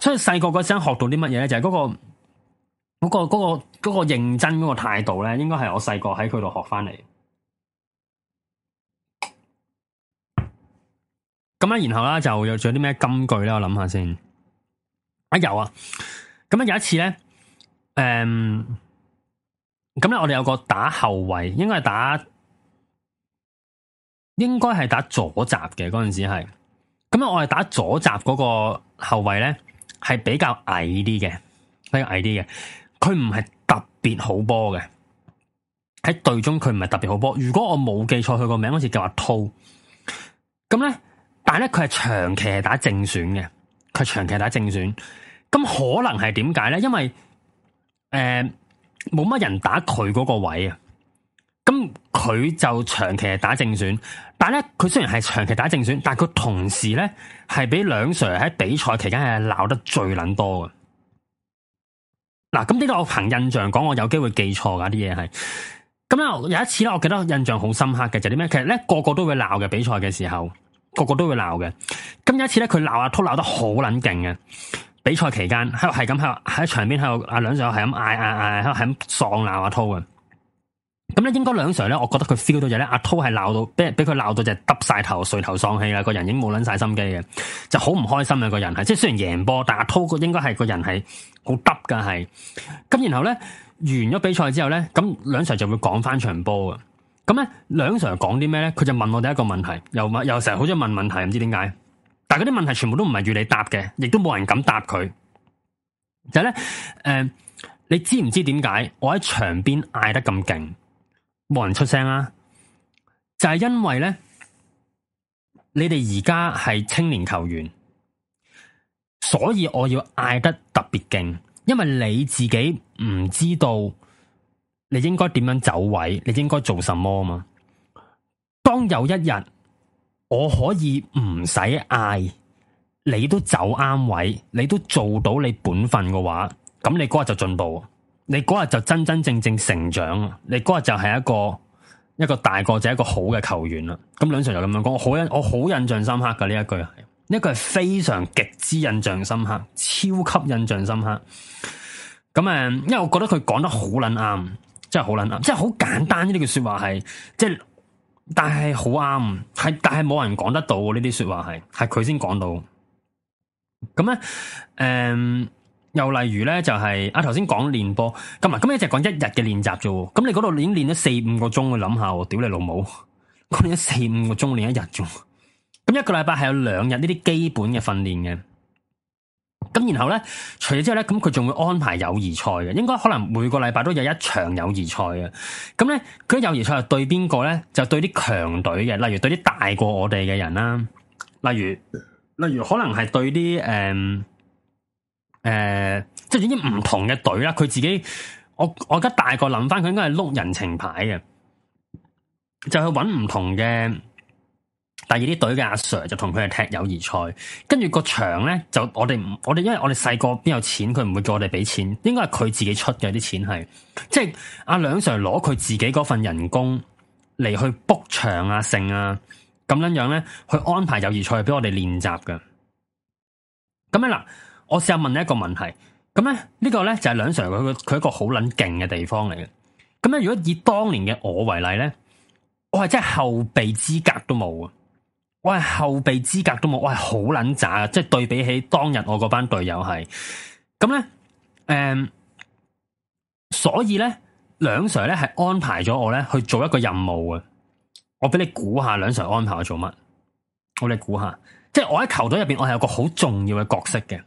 所以細個嗰時學到啲乜嘢咧，就係嗰個，嗰個，嗰個，嗰個認真嗰個態度咧，應該係我細個喺佢度學翻嚟。咁咧，然後啦，就有咗啲咩金句咧，我諗下先。啊有啊，咁啊有一次咧，誒，咁咧我哋有個打後衛，應該係打。應該係打左閘嘅嗰陣時係，咁啊我係打左閘嗰個後衛咧，係比較矮啲嘅，比較矮啲嘅，佢唔係特別好波嘅。喺隊中佢唔係特別好波。如果我冇記錯佢個名好似叫阿濤，咁咧，但係咧佢係長期係打正選嘅，佢長期係打正選。咁可能係點解咧？因為誒冇乜人打佢嗰個位啊。咁佢就長期係打正選，但係咧佢雖然係長期打正選，但係佢同時咧係俾梁 Sir 喺比賽期間係鬧得最撚多嘅。嗱，咁呢個我憑印象講，我有機會記錯噶啲嘢係。咁咧有一次咧，我記得印象好深刻嘅就係啲咩？其實咧個個都會鬧嘅，比賽嘅時候個個都會鬧嘅。咁有一次咧，佢鬧阿濤鬧得好撚勁嘅，比賽期間喺度係咁喺喺場邊喺度，阿梁 Sir 係咁嗌嗌嗌，喺度係咁喪鬧阿濤嘅。咁咧，應該梁 Sir 咧，我覺得佢 feel 到，到，到就係咧，阿濤係鬧到，俾俾佢鬧到就係耷晒頭、垂頭喪氣啦，個人已經冇捻晒心機嘅，就好唔開心啊！個人係，即係雖然贏波，但阿濤個應該係個人係好耷嘅係。咁然後咧，完咗比賽之後咧，咁梁 Sir 就會講翻場波啊。咁咧，梁 Sir 講啲咩咧？佢就問我哋一個問題，又又成日好中意問問題，唔知點解。但係嗰啲問題全部都唔係住你答嘅，亦都冇人敢答佢。就咧、是，誒、呃，你知唔知點解我喺場邊嗌得咁勁？冇人出聲啦、啊，就係、是、因為咧，你哋而家係青年球員，所以我要嗌得特別勁，因為你自己唔知道你應該點樣走位，你應該做什麼啊嘛。當有一日我可以唔使嗌，你都走啱位，你都做到你本分嘅話，咁你嗰日就進步。你嗰日就真真正正成長，你嗰日就係一個一個大個仔，一個好嘅球員啦。咁梁 Sir 就咁樣講，我好我好印象深刻嘅呢一句係，呢句係非常極之印象深刻，超級印象深刻。咁誒，因為我覺得佢講得好撚啱，即係好撚啱，即係好簡單呢句說話係，即係但係好啱，係但係冇人講得到呢啲說話係，係佢先講到。咁咧，誒、嗯。又例如咧，就係阿頭先講練波，咁啊，咁、啊啊、你就講一日嘅練習啫，咁你嗰度已經練咗四五個鐘，我諗下，我屌你老母，我練咗四五個鐘練一日仲，咁一個禮拜係有兩日呢啲基本嘅訓練嘅，咁然後咧，除咗之後咧，咁佢仲會安排友誼賽嘅，應該可能每個禮拜都有一場友誼賽嘅，咁咧，佢友誼賽係對邊個咧，就對啲強隊嘅，例如對啲大過我哋嘅人啦，例如，例如可能係對啲誒。嗯誒、呃，即係已經唔同嘅隊啦，佢自己，我我而家大個諗翻，佢應該係碌人情牌嘅，就去搵唔同嘅第二啲隊嘅阿 Sir，就同佢去踢友誼賽。跟住個場咧，就我哋唔，我哋因為我哋細個邊有錢，佢唔會叫我哋俾錢，應該係佢自己出嘅啲錢係，即係阿梁 Sir 攞佢自己嗰份人工嚟去 book 場啊、剩啊，咁樣樣咧去安排友誼賽俾我哋練習嘅。咁樣嗱。我試下問你一個問題，咁咧呢，呢個咧就係梁 Sir 佢佢一個好捻勁嘅地方嚟嘅。咁咧如果以當年嘅我為例咧，我係真係後備資格都冇啊！我係後備資格都冇，我係好捻渣啊！即係對比起當日我嗰班隊友係，咁咧誒，所以咧梁 Sir 咧係安排咗我咧去做一個任務啊。我俾你估下，梁 Sir 安排我做乜？我俾你估下，即係我喺球隊入邊，我係有個好重要嘅角色嘅。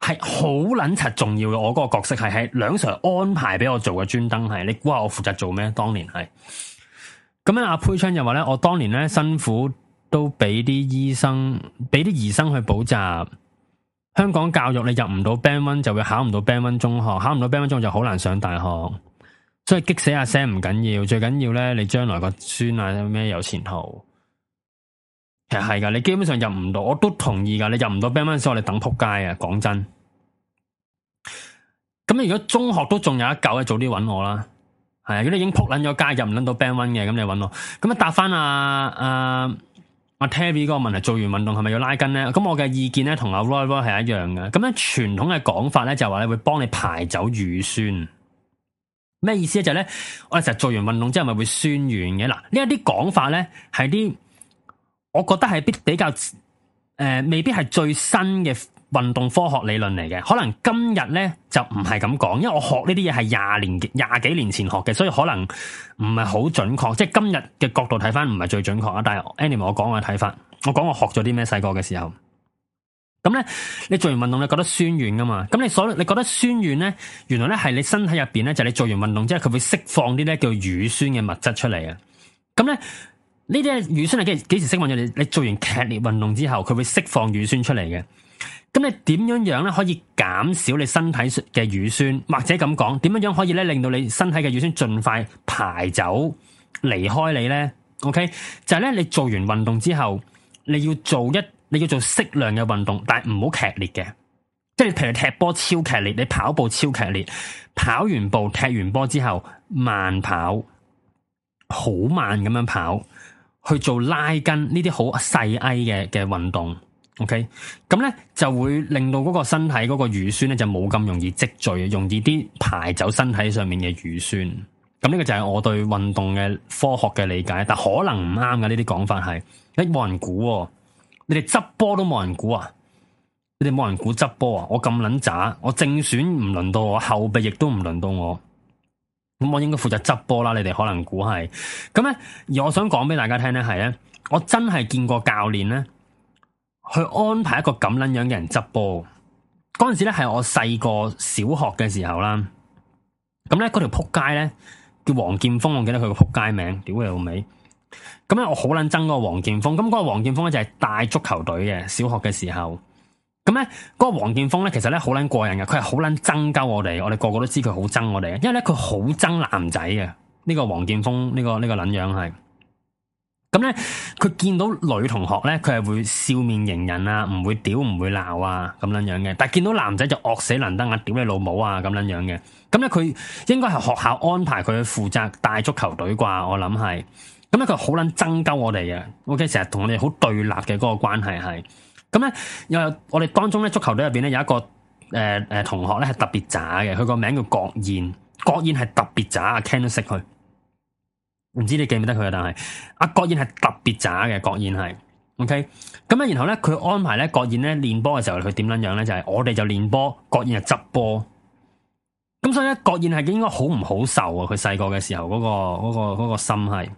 係好捻柒重要嘅，我嗰個角色係喺梁 Sir 安排俾我做嘅專登係，你估下我負責做咩？當年係咁樣，阿潘昌又話咧，我當年咧辛苦都俾啲醫生，俾啲醫生去補習。香港教育你入唔到 Band One 就會考唔到 Band One 中學，考唔到 Band One 中學就好難上大學，所以激死阿 Sam 唔緊要，最緊要咧你將來個孫啊咩有前途。其實係噶，你基本上入唔到，我都同意噶。你入唔到 Band One 時，我哋等仆街啊！講真，咁如果中學都仲有一嚿，誒，早啲揾我啦。係啊，如果你已經仆捻咗街，入唔到 Band One 嘅，咁你揾我。咁啊答翻、啊、阿阿、啊、阿 Terry 嗰個問題係做完運動係咪要拉筋咧？咁我嘅意見咧同阿 Roy 係一樣嘅。咁咧傳統嘅講法咧就話咧會幫你排走乳酸。咩意思呢？就係咧，我哋成日做完運動之後咪會酸軟嘅。嗱呢一啲講法咧係啲。我覺得係必比較誒、呃，未必係最新嘅運動科學理論嚟嘅。可能今日咧就唔係咁講，因為我學呢啲嘢係廿年廿幾年前學嘅，所以可能唔係好準確。即係今日嘅角度睇翻，唔係最準確啊。但係 Andy，我講我嘅睇法，我講我學咗啲咩，細個嘅時候，咁咧你做完運動你你，你覺得酸軟噶嘛？咁你所你覺得酸軟咧，原來咧係你身體入邊咧，就係、你做完運動之後，佢會釋放啲咧叫乳酸嘅物質出嚟啊。咁咧。呢啲乳酸係幾幾時釋放咗？你你做完劇烈運動之後，佢會釋放乳酸出嚟嘅。咁你點樣樣咧可以減少你身體嘅乳酸？或者咁講，點樣樣可以咧令到你身體嘅乳酸盡快排走離開你咧？OK，就係咧你做完運動之後，你要做一你要做適量嘅運動，但係唔好劇烈嘅。即係譬如踢波超劇烈，你跑步超劇烈，跑完步踢完波之後，慢跑，好慢咁樣跑。去做拉筋呢啲好細埃嘅嘅運動，OK，咁呢就會令到嗰個身體嗰個乳酸呢就冇咁容易積聚，容易啲排走身體上面嘅乳酸。咁呢個就係我對運動嘅科學嘅理解，但可能唔啱㗎呢啲講法係，一冇人估，你哋執波都冇人估、哦、啊，你哋冇人估執波啊，我咁捻渣，我正選唔輪到我，後備亦都唔輪到我。咁我應該負責執波啦，你哋可能估係。咁咧，而我想講俾大家聽咧，係咧，我真係見過教練咧，去安排一個咁捻樣嘅人執波。嗰陣時咧，係我細個小學嘅時候啦。咁咧，嗰條撲街咧叫黃劍鋒，我記得佢個撲街名，屌你老味。咁咧，我好捻憎嗰個黃劍鋒。咁嗰個黃劍鋒咧就係帶足球隊嘅小學嘅時候。咁咧，嗰個黃建鋒咧，其實咧好捻過癮嘅，佢係好捻爭鳩我哋，我哋個個都知佢好憎我哋嘅，因為咧佢好憎男仔嘅，呢、這個黃建鋒呢個呢、這個捻樣係。咁、嗯、咧，佢見到女同學咧，佢係會笑面迎人啊，唔會屌，唔會鬧啊，咁捻樣嘅。但係見到男仔就惡死能登，呃、啊、屌你老母啊，咁捻樣嘅。咁咧，佢、嗯、應該係學校安排佢去負責帶足球隊啩，我諗係。咁、嗯、咧，佢好捻爭鳩我哋嘅，OK，成日同我哋好對立嘅嗰個關係係。咁咧，又我哋當中咧足球隊入邊咧有一個誒誒、呃、同學咧係特別渣嘅，佢個名叫郭燕，郭燕係特別渣啊，Ken 都識佢，唔知你記唔記得佢啊？但係阿郭燕係特別渣嘅，郭燕係，OK。咁咧，然後咧佢安排咧郭燕咧練波嘅時候，佢點樣樣咧？就係、是、我哋就練波，郭燕就執波。咁所以咧，郭燕係應該好唔好受啊？佢細個嘅時候嗰、那個、那個、那個心係。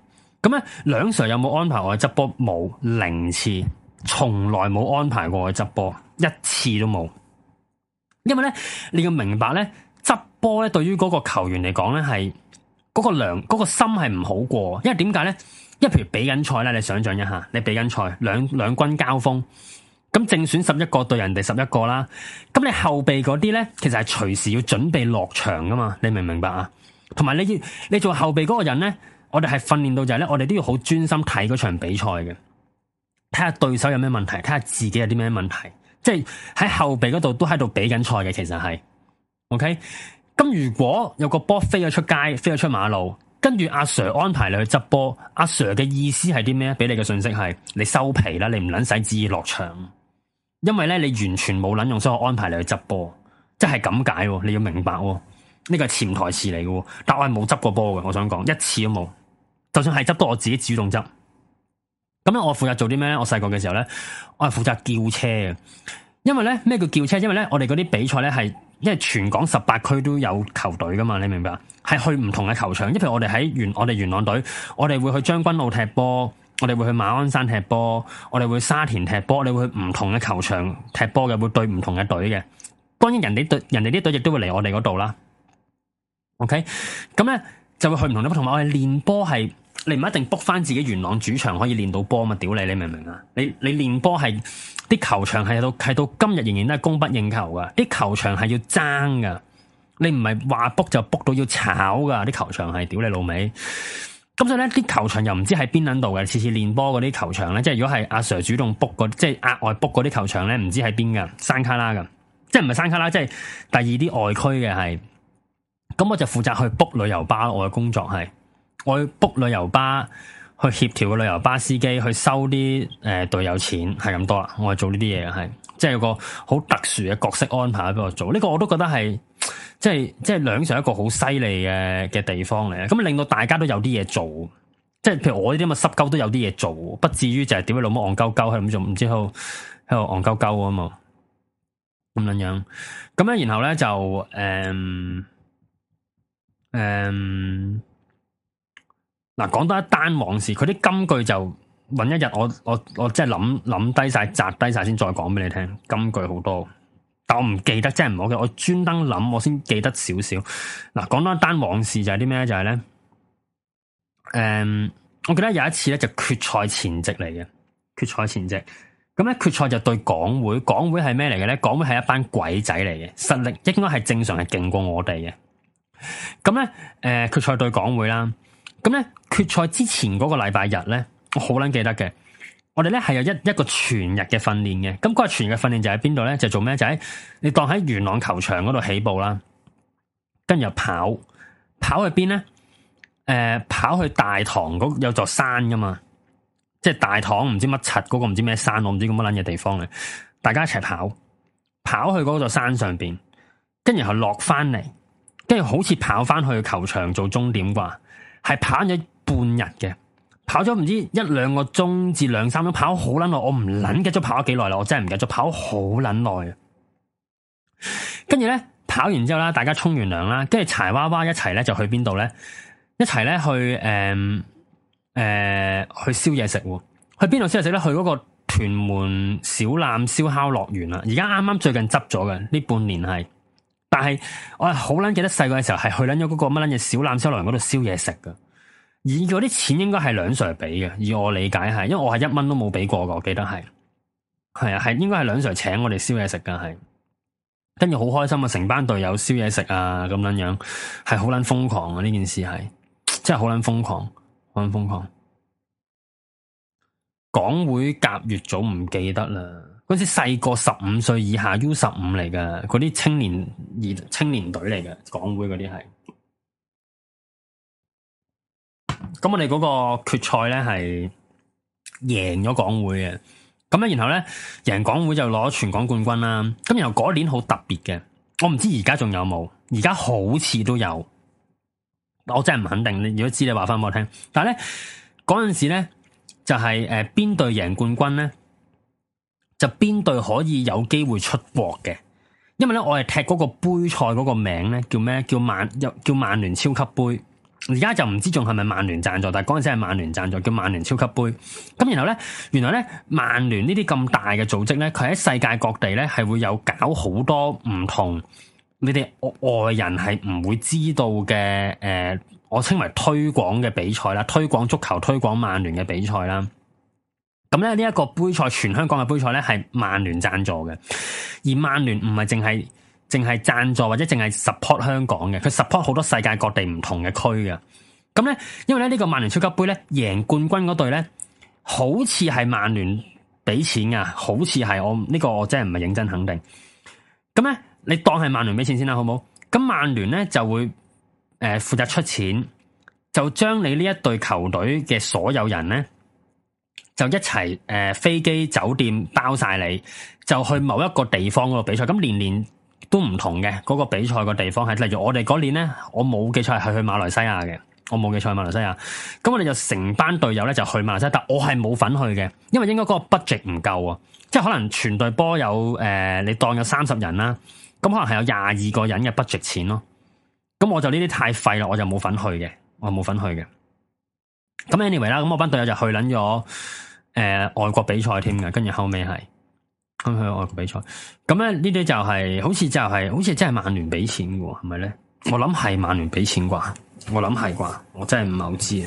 咁咧，梁 Sir 有冇安排我執波？冇，零次。從來冇安排過去執波，一次都冇。因為咧，你要明白咧，執波咧，對於嗰個球員嚟講咧，係嗰個良、嗰個心係唔好過。因為點解咧？因為譬如比緊賽啦，你想象一下，你比緊賽，兩兩軍交鋒，咁正選十一個對人哋十一個啦，咁你後備嗰啲咧，其實係隨時要準備落場噶嘛。你明唔明白啊？同埋你要你做後備嗰個人咧，我哋係訓練到就係、係、咧，我哋都要好專心睇嗰場比賽嘅。.睇下對手有咩問題，睇下自己有啲咩問題，即係喺後鼻嗰度都喺度比緊賽嘅，其實係，OK。咁如果有個波飛咗出街，飛咗出馬路，跟住阿 Sir 安排你去執波，阿 Sir 嘅意思係啲咩？俾你嘅信息係，你收皮啦，你唔撚使自己落場，因為咧你完全冇撚用，所以我安排你去執波，即係咁解，你要明白、哦，呢、這個係潛台詞嚟嘅，但我係冇執過波嘅，我想講一次都冇，就算係執到我自己主動執。咁咧，我負責做啲咩咧？我細個嘅時候咧，我係負責叫車嘅。因為咧，咩叫叫車？因為咧，我哋嗰啲比賽咧係，因為全港十八區都有球隊噶嘛，你明白？係去唔同嘅球場，譬如我哋喺元，我哋元朗隊，我哋會去將軍澳踢波，我哋會去馬鞍山踢波，我哋會去沙田踢波，你會去唔同嘅球場踢波嘅，會對唔同嘅隊嘅。當然人，人哋隊，人哋啲隊亦都會嚟我哋嗰度啦。OK，咁咧就會去唔同嘅，同埋我哋練波係。你唔一定 book 翻自己元朗主場可以練到波嘛？屌你，你明唔明啊？你你練波係啲球場係到係到今日仍然都係供不應求噶，啲球場係要爭噶。你唔係話 book 就 book 到要炒噶，啲球場係屌你老味。咁所以咧，啲球場又唔知喺邊撚度嘅，次次練波嗰啲球場咧，即係如果係阿 sir 主動 book 嗰，即係額外 book 嗰啲球場咧，唔知喺邊噶，山卡拉噶，即係唔係山卡拉，即係第二啲外區嘅係。咁我就負責去 book 旅遊巴，我嘅工作係。我去 book 旅遊巴，去協調個旅遊巴司機去收啲誒隊友錢，係咁多啦。我係做呢啲嘢係，即係有個好特殊嘅角色安排俾我做。呢、這個我都覺得係，即係即係兩上一個好犀利嘅嘅地方嚟。咁令到大家都有啲嘢做，即係譬如我呢啲咁嘅濕鳩都有啲嘢做，不至於就係點解老母戇鳩鳩喺咁做，唔知後喺度戇鳩鳩啊嘛，咁樣樣。咁樣然後咧就誒，誒、嗯。嗯。嗱，講多一單往事，佢啲金句就揾一日，我我我即係諗諗低晒，摘低晒先再講俾你聽。金句好多，但我唔記得，真係唔好嘅。我專登諗，我先記得少少。嗱，講多一單往事就係啲咩就係咧，誒、嗯，我記得有一次咧就決賽前夕嚟嘅，決賽前夕咁咧、嗯，決賽就對港會，港會係咩嚟嘅咧？港會係一班鬼仔嚟嘅，實力應該係正常係勁過我哋嘅。咁、嗯、咧，誒、嗯，決賽對港會啦。咁咧，決賽之前嗰個禮拜日咧，我好捻記得嘅。我哋咧係有一一個全日嘅訓練嘅。咁嗰個全日嘅訓練就喺邊度咧？就做咩就喺你當喺元朗球場嗰度起步啦，跟住又跑，跑去邊咧？誒、呃，跑去大棠嗰有座山噶嘛？即係大棠唔知乜柒嗰個唔知咩山，我唔知咁乜捻嘅地方咧。大家一齊跑，跑去嗰座山上邊，跟住係落翻嚟，跟住好似跑翻去球場做終點啩。係跑咗半日嘅，跑咗唔知一兩個鐘至兩三個鐘，跑好捻耐。我唔捻記得跑咗幾耐啦，我真係唔記得跑好捻耐。跟住咧，跑完之後啦，大家沖完涼啦，跟住柴娃娃一齊咧就去邊度咧？一齊咧去誒誒、呃呃、去燒嘢食喎？去邊度燒嘢食咧？去嗰個屯門小欖燒烤樂園啦。而家啱啱最近執咗嘅呢半年係。但係我係好捻記得細個嘅時候係去捻咗嗰個乜捻嘢小欖燒臘嗰度燒嘢食噶，而嗰啲錢應該係兩 Sir 俾嘅，以我理解係，因為我係一蚊都冇俾過噶我記得係，係啊係應該係兩 Sir 請我哋燒嘢食噶係，跟住好開心啊，成班隊友燒嘢食啊咁樣樣，係好捻瘋狂啊呢件事係，真係好捻瘋狂，好捻瘋狂，港會甲乙組唔記得啦。好似細個十五歲以下 U 十五嚟嘅，嗰啲青年二青年隊嚟嘅，港會嗰啲係。咁我哋嗰個決賽咧係贏咗港會嘅，咁咧然後咧贏港會就攞全港冠軍啦。咁然後嗰年好特別嘅，我唔知而家仲有冇，而家好似都有，我真係唔肯定。你如果知你話翻俾我聽，但係咧嗰陣時咧就係誒邊隊贏冠軍咧？就邊隊可以有機會出國嘅？因為咧，我係踢嗰個杯賽嗰個名咧，叫咩？叫曼，叫曼聯超級杯。而家就唔知仲係咪曼聯贊助，但係嗰陣時係曼聯贊助，叫曼聯超級杯。咁然後咧，原來咧，曼聯呢啲咁大嘅組織咧，佢喺世界各地咧係會有搞好多唔同，你哋外人係唔會知道嘅。誒、呃，我稱為推廣嘅比賽啦，推廣足球、推廣曼聯嘅比賽啦。咁咧呢一個杯賽，全香港嘅杯賽咧係曼聯贊助嘅，而曼聯唔係淨係淨係贊助或者淨係 support 香港嘅，佢 support 好多世界各地唔同嘅區嘅。咁咧，因為咧呢個曼聯超級杯咧，贏冠軍嗰隊咧，好似係曼聯俾錢噶，好似係我呢個我真係唔係認真肯定。咁咧，你當係曼聯俾錢先啦，好冇？咁曼聯咧就會誒負責出錢，就將你呢一隊球隊嘅所有人咧。就一齊誒、呃，飛機酒店包晒你，就去某一個地方嗰度比賽。咁年年都唔同嘅，嗰、嗰個比賽個地方係例如我哋嗰年呢，我冇記錯係去馬來西亞嘅，我冇記錯係馬來西亞。咁我哋就成班隊友呢就去馬來西亞，但我係冇份去嘅，因為應該嗰個 budget 唔夠啊，即係可能全隊波友誒、呃，你當有三十人啦，咁可能係有廿二個人嘅 budget 錢咯。咁我就呢啲太廢啦，我就冇份去嘅，我冇份去嘅。咁 anyway 啦，咁我班隊友就去撚咗誒外國比賽添嘅，跟住後尾係咁去外國比賽。咁咧呢啲就係、是、好似就係、是、好似真係曼聯畀錢嘅係咪咧？我諗係曼聯畀錢啩，我諗係啩，我真係唔係好知啊！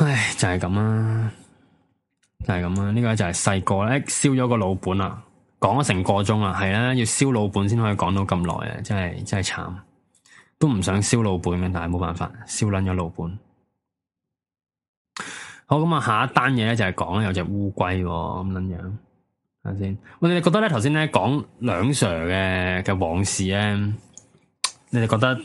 唉，就係咁啦，就係咁啦。呢、這個就係細個咧燒咗個老本啦，講咗成個鐘啊，係啦，要燒老本先可以講到咁耐啊，真係真係慘。都唔想燒老本嘅，但係冇辦法，燒撚咗老本。好，咁啊，下一單嘢，咧就係講咧有隻烏龜咁樣，係咪先？我哋、哎、覺得咧，頭先咧講梁 Sir 嘅嘅往事咧，你哋覺得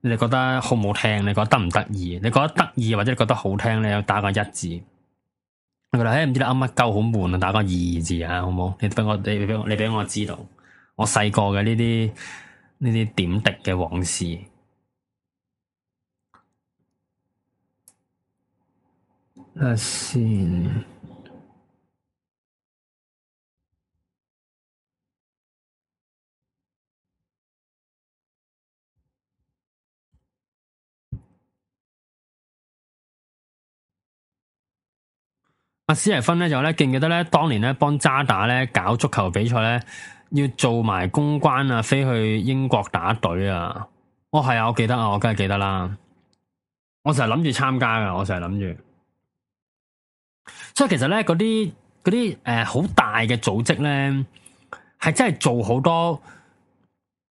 你哋覺得好唔好聽？你覺得得唔得意？你覺得得意或者你覺得好聽咧？打個一字。我你覺得，唉，唔知你啱乜鳩好悶啊！打個二字啊，好唔好？你俾我，你俾你俾我，我知道，我細個嘅呢啲。呢啲點滴嘅往事下。阿先、啊，阿斯尼芬咧就咧，記唔記得咧？當年咧幫渣打咧搞足球比賽咧。要做埋公關啊，飛去英國打隊啊！我、哦、係啊，我記得啊，我梗係記得啦。我成日諗住參加㗎，我成日諗住。所以其實咧，嗰啲啲誒，好、呃、大嘅組織咧，係真係做好多。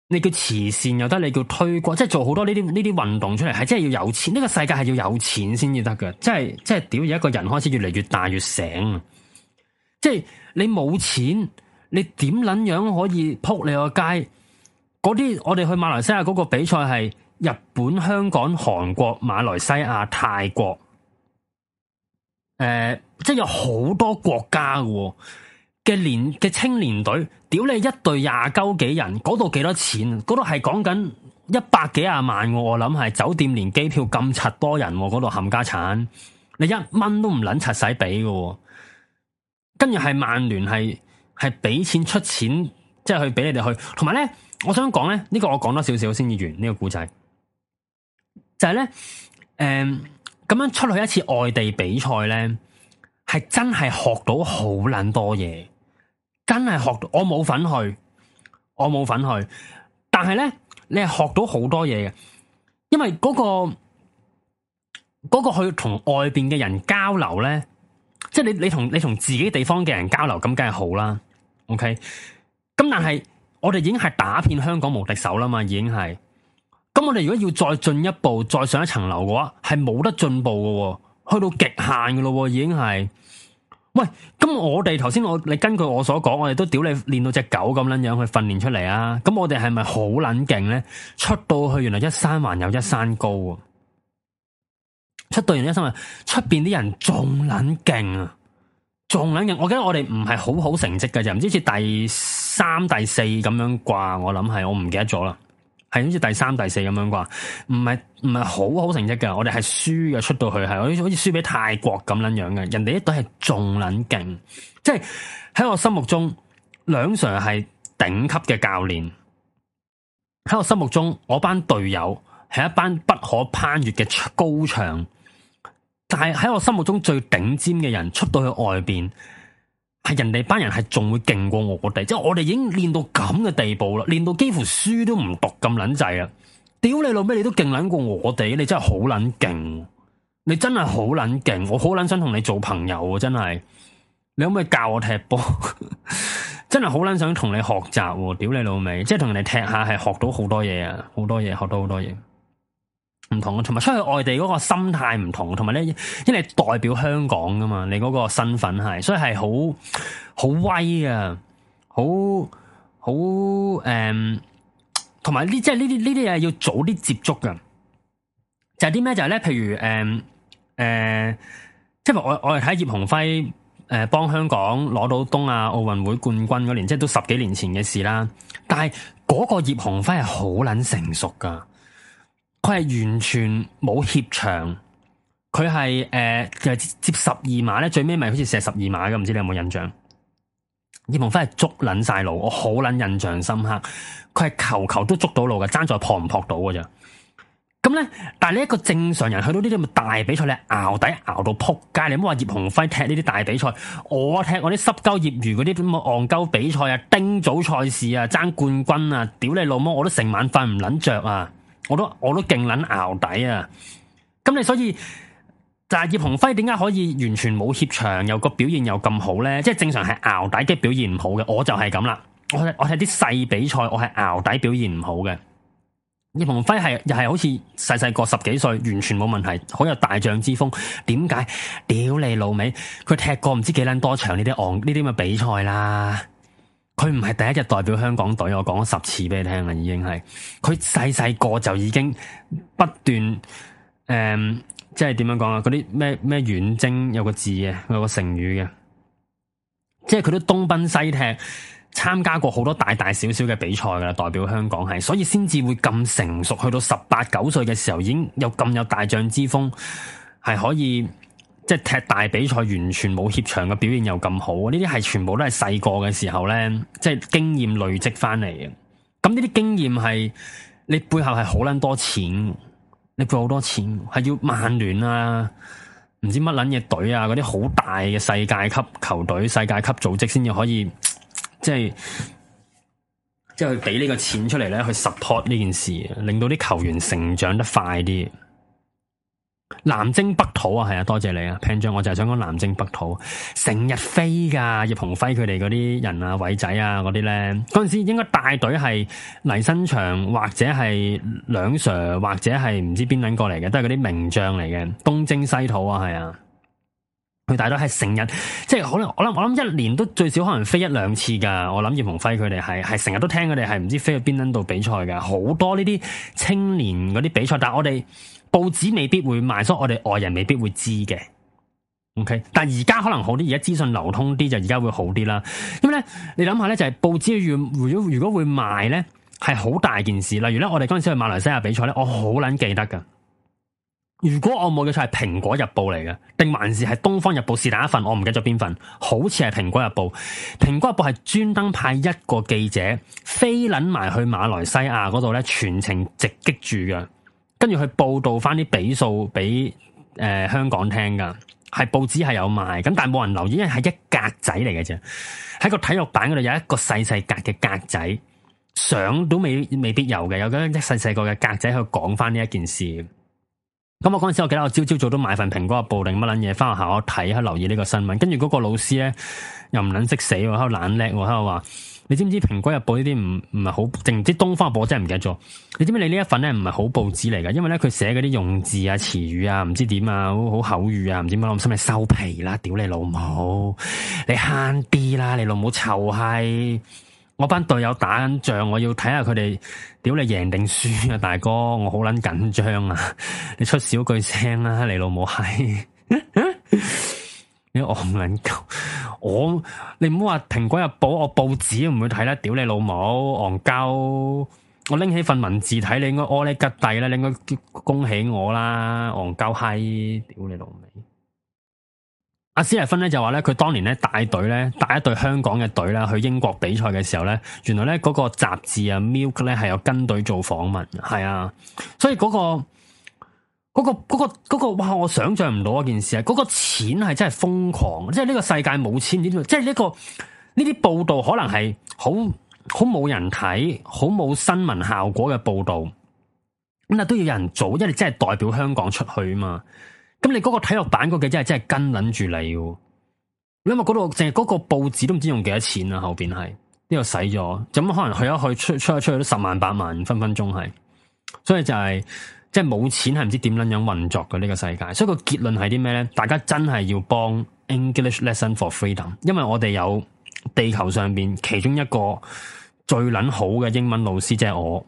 你叫慈善又得，你叫推廣，即係做好多呢啲呢啲運動出嚟，係真係要有錢。呢、這個世界係要有錢先至得嘅，即係即係屌，有一個人開始越嚟越大越醒。即係你冇錢。你點捻樣可以扑你個街？嗰啲，我哋去馬來西亞嗰個比賽係日本、香港、韓國、馬來西亞、泰國，誒、呃，即係有好多國家嘅年嘅青年隊，屌你一隊廿鳩幾人？嗰度幾多錢？嗰度係講緊一百幾廿萬，我諗係酒店連機票咁柒多人，嗰度冚家鏟，你一蚊都唔捻柒使俾嘅。跟住係曼聯係。係俾錢出錢，即係去俾你哋去。同埋咧，我想講咧，呢、這個我講多少少先完呢、這個故仔，就係、是、咧，誒、呃，咁樣出去一次外地比賽咧，係真係學到好捻多嘢，真係學到。我冇份去，我冇份去，但係咧，你係學到好多嘢嘅，因為嗰、那個嗰、那個去同外邊嘅人交流咧。即係你，你同你同自己地方嘅人交流，咁梗係好啦。OK，咁但係我哋已經係打遍香港無敵手啦嘛，已經係。咁我哋如果要再進一步，再上一層樓嘅話，係冇得進步嘅喎，去到極限嘅咯喎，已經係。喂，咁我哋頭先我你根據我所講，我哋都屌你練到隻狗咁樣樣去訓練出嚟啊！咁我哋係咪好捻勁咧？出到去原來一山還有一山高啊！出隊人一生啊，出邊啲人仲捻勁啊，仲捻勁！我記得我哋唔係好好成績嘅，就唔知好似第三、第四咁樣啩。我諗係我唔記得咗啦，係好似第三、第四咁樣啩。唔係唔係好好成績嘅。我哋係輸嘅，出到去，係好似好似輸俾泰國咁捻樣嘅。人哋一隊係仲捻勁，即係喺我心目中，梁 Sir 係頂級嘅教練。喺我心目中，我班隊友係一班不可攀越嘅高牆。但係喺我心目中最頂尖嘅人出到去外邊，係人哋班人係仲會勁過我哋，即係我哋已經練到咁嘅地步啦，練到幾乎書都唔讀咁捻滯啦。屌你老味，你都勁捻過我哋，你真係好捻勁，你真係好捻勁，我好捻想同你做朋友，真係，你可唔可以教我踢波？ [LAUGHS] 真係好捻想同你學習，屌你老味，即係同你踢下係學到好多嘢啊，好多嘢，學到好多嘢。唔同，同埋出去外地嗰個心態唔同，同埋咧，因為代表香港噶嘛，你嗰個身份係，所以係好好威啊，好好誒，同埋呢，即係呢啲呢啲嘢要早啲接觸噶，就係啲咩就係咧，譬如誒誒，即、嗯、係、嗯、我我哋睇葉鴻輝誒幫香港攞到東亞奧運會冠軍嗰年，即係都十幾年前嘅事啦，但係嗰個葉鴻輝係好撚成熟噶。佢係完全冇怯場，佢係誒，就、呃、接十二碼咧，最尾咪好似射十二碼嘅，唔知你有冇印象？葉鴻輝係捉捻晒路，我好捻印象深刻。佢係球球都捉到路嘅，爭在撲唔撲到嘅咋？咁咧，但係呢一個正常人去到呢啲咁大比賽咧，熬底熬到扑街。你唔好話葉鴻輝踢呢啲大比賽，我踢我啲濕鳩業餘嗰啲咁嘅戇鳩比賽啊，丁組賽事啊，爭冠軍啊，屌你老母，我都成晚瞓唔捻着啊！我都我都勁捻熬底啊！咁你所以就係葉鴻輝點解可以完全冇怯場又個表現又咁好咧？即係正常係熬底即表現唔好嘅，我就係咁啦。我我睇啲細比賽，我係熬底表現唔好嘅。葉鴻輝係又係好似細細個十幾歲，完全冇問題，好有大將之風。點解？屌你老味，佢踢過唔知幾捻多，多場呢啲昂呢啲咁嘅比賽啦。佢唔係第一日代表香港隊，我講咗十次俾你聽啦，已經係。佢細細個就已經不斷，誒、嗯，即係點樣講啊？嗰啲咩咩遠征，有個字嘅，有個成語嘅，即係佢都東奔西踢，參加過好多大大小小嘅比賽噶啦，代表香港係，所以先至會咁成熟，去到十八九歲嘅時候，已經有咁有大將之風，係可以。即係踢大比賽完全冇怯場嘅表現，又咁好，呢啲係全部都係細個嘅時候咧，即係經驗累積翻嚟嘅。咁呢啲經驗係你背後係好捻多錢，你背好多錢，係要曼聯啊，唔知乜捻嘢隊啊，嗰啲好大嘅世界級球隊、世界級組織先至可以，即係即係去俾呢個錢出嚟咧，去 support 呢件事，令到啲球員成長得快啲。南征北討啊，係啊，多謝你啊，平將，我就係想講南征北討，成日飛噶，葉鴻輝佢哋嗰啲人啊，偉仔啊，嗰啲咧，嗰陣時應該帶隊係黎新祥或者係梁 Sir 或者係唔知邊撚過嚟嘅，都係嗰啲名將嚟嘅。東征西討啊，係啊，佢帶隊係成日，即係可能我諗我諗一年都最少可能飛一兩次噶，我諗葉鴻輝佢哋係係成日都聽佢哋係唔知飛去邊撚度比賽嘅，好多呢啲青年嗰啲比賽，但係我哋。報紙未必會賣，所以我哋外人未必會知嘅。OK，但而家可能好啲，而家資訊流通啲就而家會好啲啦。因為咧，你諗下咧，就係、是、報紙要如果如果會賣咧，係好大件事。例如咧，我哋嗰陣時去馬來西亞比賽咧，我好捻記得噶。如果我冇記錯係《蘋果日報》嚟嘅，定還是係《東方日報》是第一份？我唔記得咗邊份，好似係《蘋果日報》。《蘋果日報》係專登派一個記者飛捻埋去馬來西亞嗰度咧，全程直擊住嘅。跟住去報道翻啲比數俾，誒、呃、香港聽噶，係報紙係有賣，咁但係冇人留意，因為係一格仔嚟嘅啫，喺個體育版嗰度有一個細細格嘅格仔，相都未未必有嘅，有咁一細細個嘅格仔去講翻呢一件事。咁我嗰陣時我記得我朝朝早都買份蘋果日報定乜捻嘢，翻學校睇，去留意呢個新聞。跟住嗰個老師咧又唔捻識死喺度懶叻，喺度話。你知唔知《蘋果日報》呢啲唔唔係好定？唔知東方日報真係唔記得咗？你知唔知你呢一份咧唔係好報紙嚟嘅？因為咧佢寫嗰啲用字啊、詞語啊、唔知點啊、好好口語啊、唔知乜、啊，我心諗收皮啦！屌你老母！你慳啲啦！你老母臭閪！我班隊友打緊仗，我要睇下佢哋，屌你贏定輸啊！大哥，我好捻緊張啊！你出少句聲啦，你老母閪！你 [LAUGHS] [LAUGHS] 我唔捻鳩～我你唔好話蘋果日報，我報紙都唔會睇啦，屌你老母，昂鳩！我拎起份文字睇，你應該屙你吉弟啦，你應該恭喜我啦，昂鳩嗨，屌你老味。阿斯利芬咧就話咧，佢當年咧帶隊咧帶一隊香港嘅隊啦去英國比賽嘅時候咧，原來咧嗰個雜誌啊 Milk 咧係有跟隊做訪問，係啊，所以嗰、那個。嗰、個嗰個嗰個哇！我想象唔到一件事啊！嗰、個錢係真係瘋狂，即係呢個世界冇錢點，即係呢、個呢啲報道可能係好好冇人睇，好冇新聞效果嘅報道。咁啊都要有人做，因為你真係代表香港出去啊嘛。咁你嗰個體育版嗰幾真係真係跟捻住你嘅，因為嗰度淨係嗰個報紙都唔知用幾多錢啊。後邊係呢度使咗，咁可能去一去出出一出去都十萬八萬分分鐘係，所以就係。即係冇錢係唔知點撚樣運作嘅呢個世界，所以個結論係啲咩呢？大家真係要幫 English lesson for freedom，因為我哋有地球上邊其中一個最撚好嘅英文老師，即係我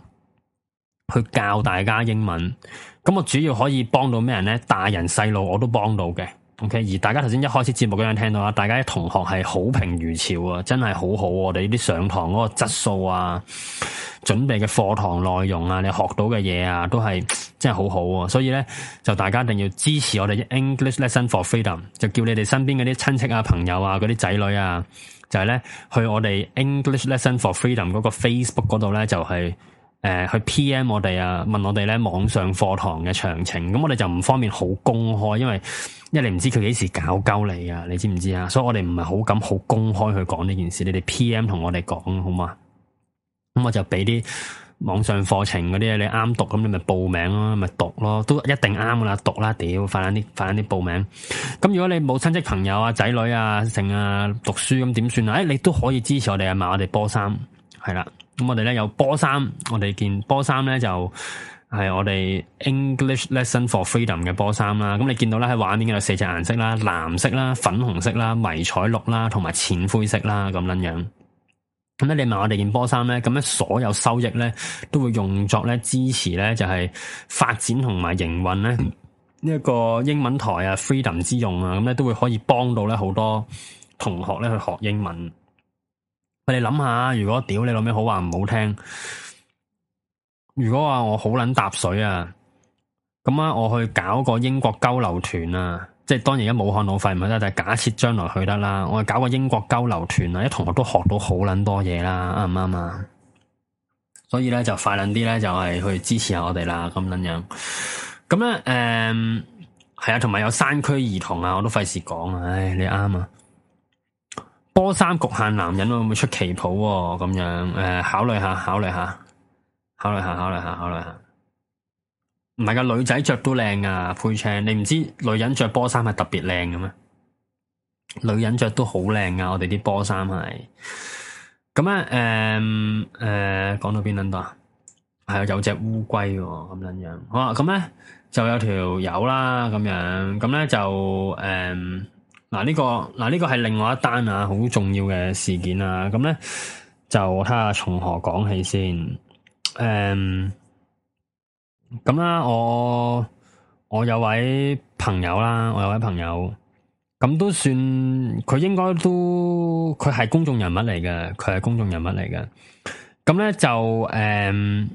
去教大家英文。咁我主要可以幫到咩人呢？大人細路我都幫到嘅。OK，而大家頭先一開始節目嗰樣聽到啊，大家啲同學係好評如潮啊，真係好好啊！我哋呢啲上堂嗰個質素啊，準備嘅課堂內容啊，你學到嘅嘢啊，都係真係好好啊！所以咧，就大家一定要支持我哋 English Lesson for Freedom，就叫你哋身邊嗰啲親戚啊、朋友啊、嗰啲仔女啊，就係咧去我哋 English Lesson for Freedom 嗰個 Facebook 嗰度咧，就係。誒、呃，去 PM 我哋啊，問我哋咧，網上課堂嘅詳情，咁我哋就唔方便好公開，因為一嚟唔知佢幾時搞鳩你啊，你知唔知啊？所以我哋唔係好敢好公開去講呢件事，你哋 PM 同我哋講好嘛？咁我就俾啲網上課程嗰啲你啱讀，咁你咪報名咯，啊，咪讀咯，啊，都一定啱噶啦，讀啦，啊，屌，快啲快啲報名。咁如果你冇親戚朋友啊、仔女啊、剩啊讀書咁點算啊？誒、欸，你都可以支持我哋啊，買我哋波衫，係啦。咁、嗯、我哋咧有波衫，我哋件波衫咧就係、是、我哋 English lesson for freedom 嘅波衫啦。咁、嗯、你見到咧喺畫面有四隻顏色啦，藍色啦、粉紅色啦、迷彩綠啦同埋淺灰色啦咁樣這樣。咁、嗯、咧你問我哋件波衫咧，咁咧所有收益咧都會用作咧支持咧就係、是、發展同埋營運咧呢一、這個英文台啊 freedom 之用啊，咁、嗯、咧都會可以幫到咧好多同學咧去學英文。啊、你諗下，如果屌你老味，好話唔好聽，如果話我好捻搭水啊，咁啊我去搞個英國交流團啊，即係當然而家武漢老費唔係得，但係假設將來去得啦，我去搞個英國交流團啊，啲同學都學到好捻多嘢啦，啱唔啱啊？所以咧就快捻啲咧，就係去支持下我哋啦，咁樣樣。咁咧，誒、嗯，係啊，同埋有，有山區兒童啊，我都費事講啊，唉，你啱啊。波衫局限男人會唔會出旗袍喎，咁樣，誒、呃，考慮下，考慮下，考慮下，考慮下，考慮下。唔係㗎，女仔着都靚啊，配襯。你唔知女人着波衫係特別靚嘅咩？女人着都好靚啊，我哋啲波衫係。咁咧，誒、嗯，誒、嗯，講、嗯、到邊捻多啊？係啊，有隻烏龜喎，咁捻樣。好，咁咧就有條友啦，咁樣。咁咧就誒。嗯嗱呢、呢個嗱呢、呢個係另外一單啊，好重要嘅事件啊，咁咧就睇下從何講起先。誒、嗯，咁啦，我我有位朋友啦，我有位朋友，咁都算佢應該都佢係公眾人物嚟嘅，佢係公眾人物嚟嘅。咁咧就誒，佢、嗯、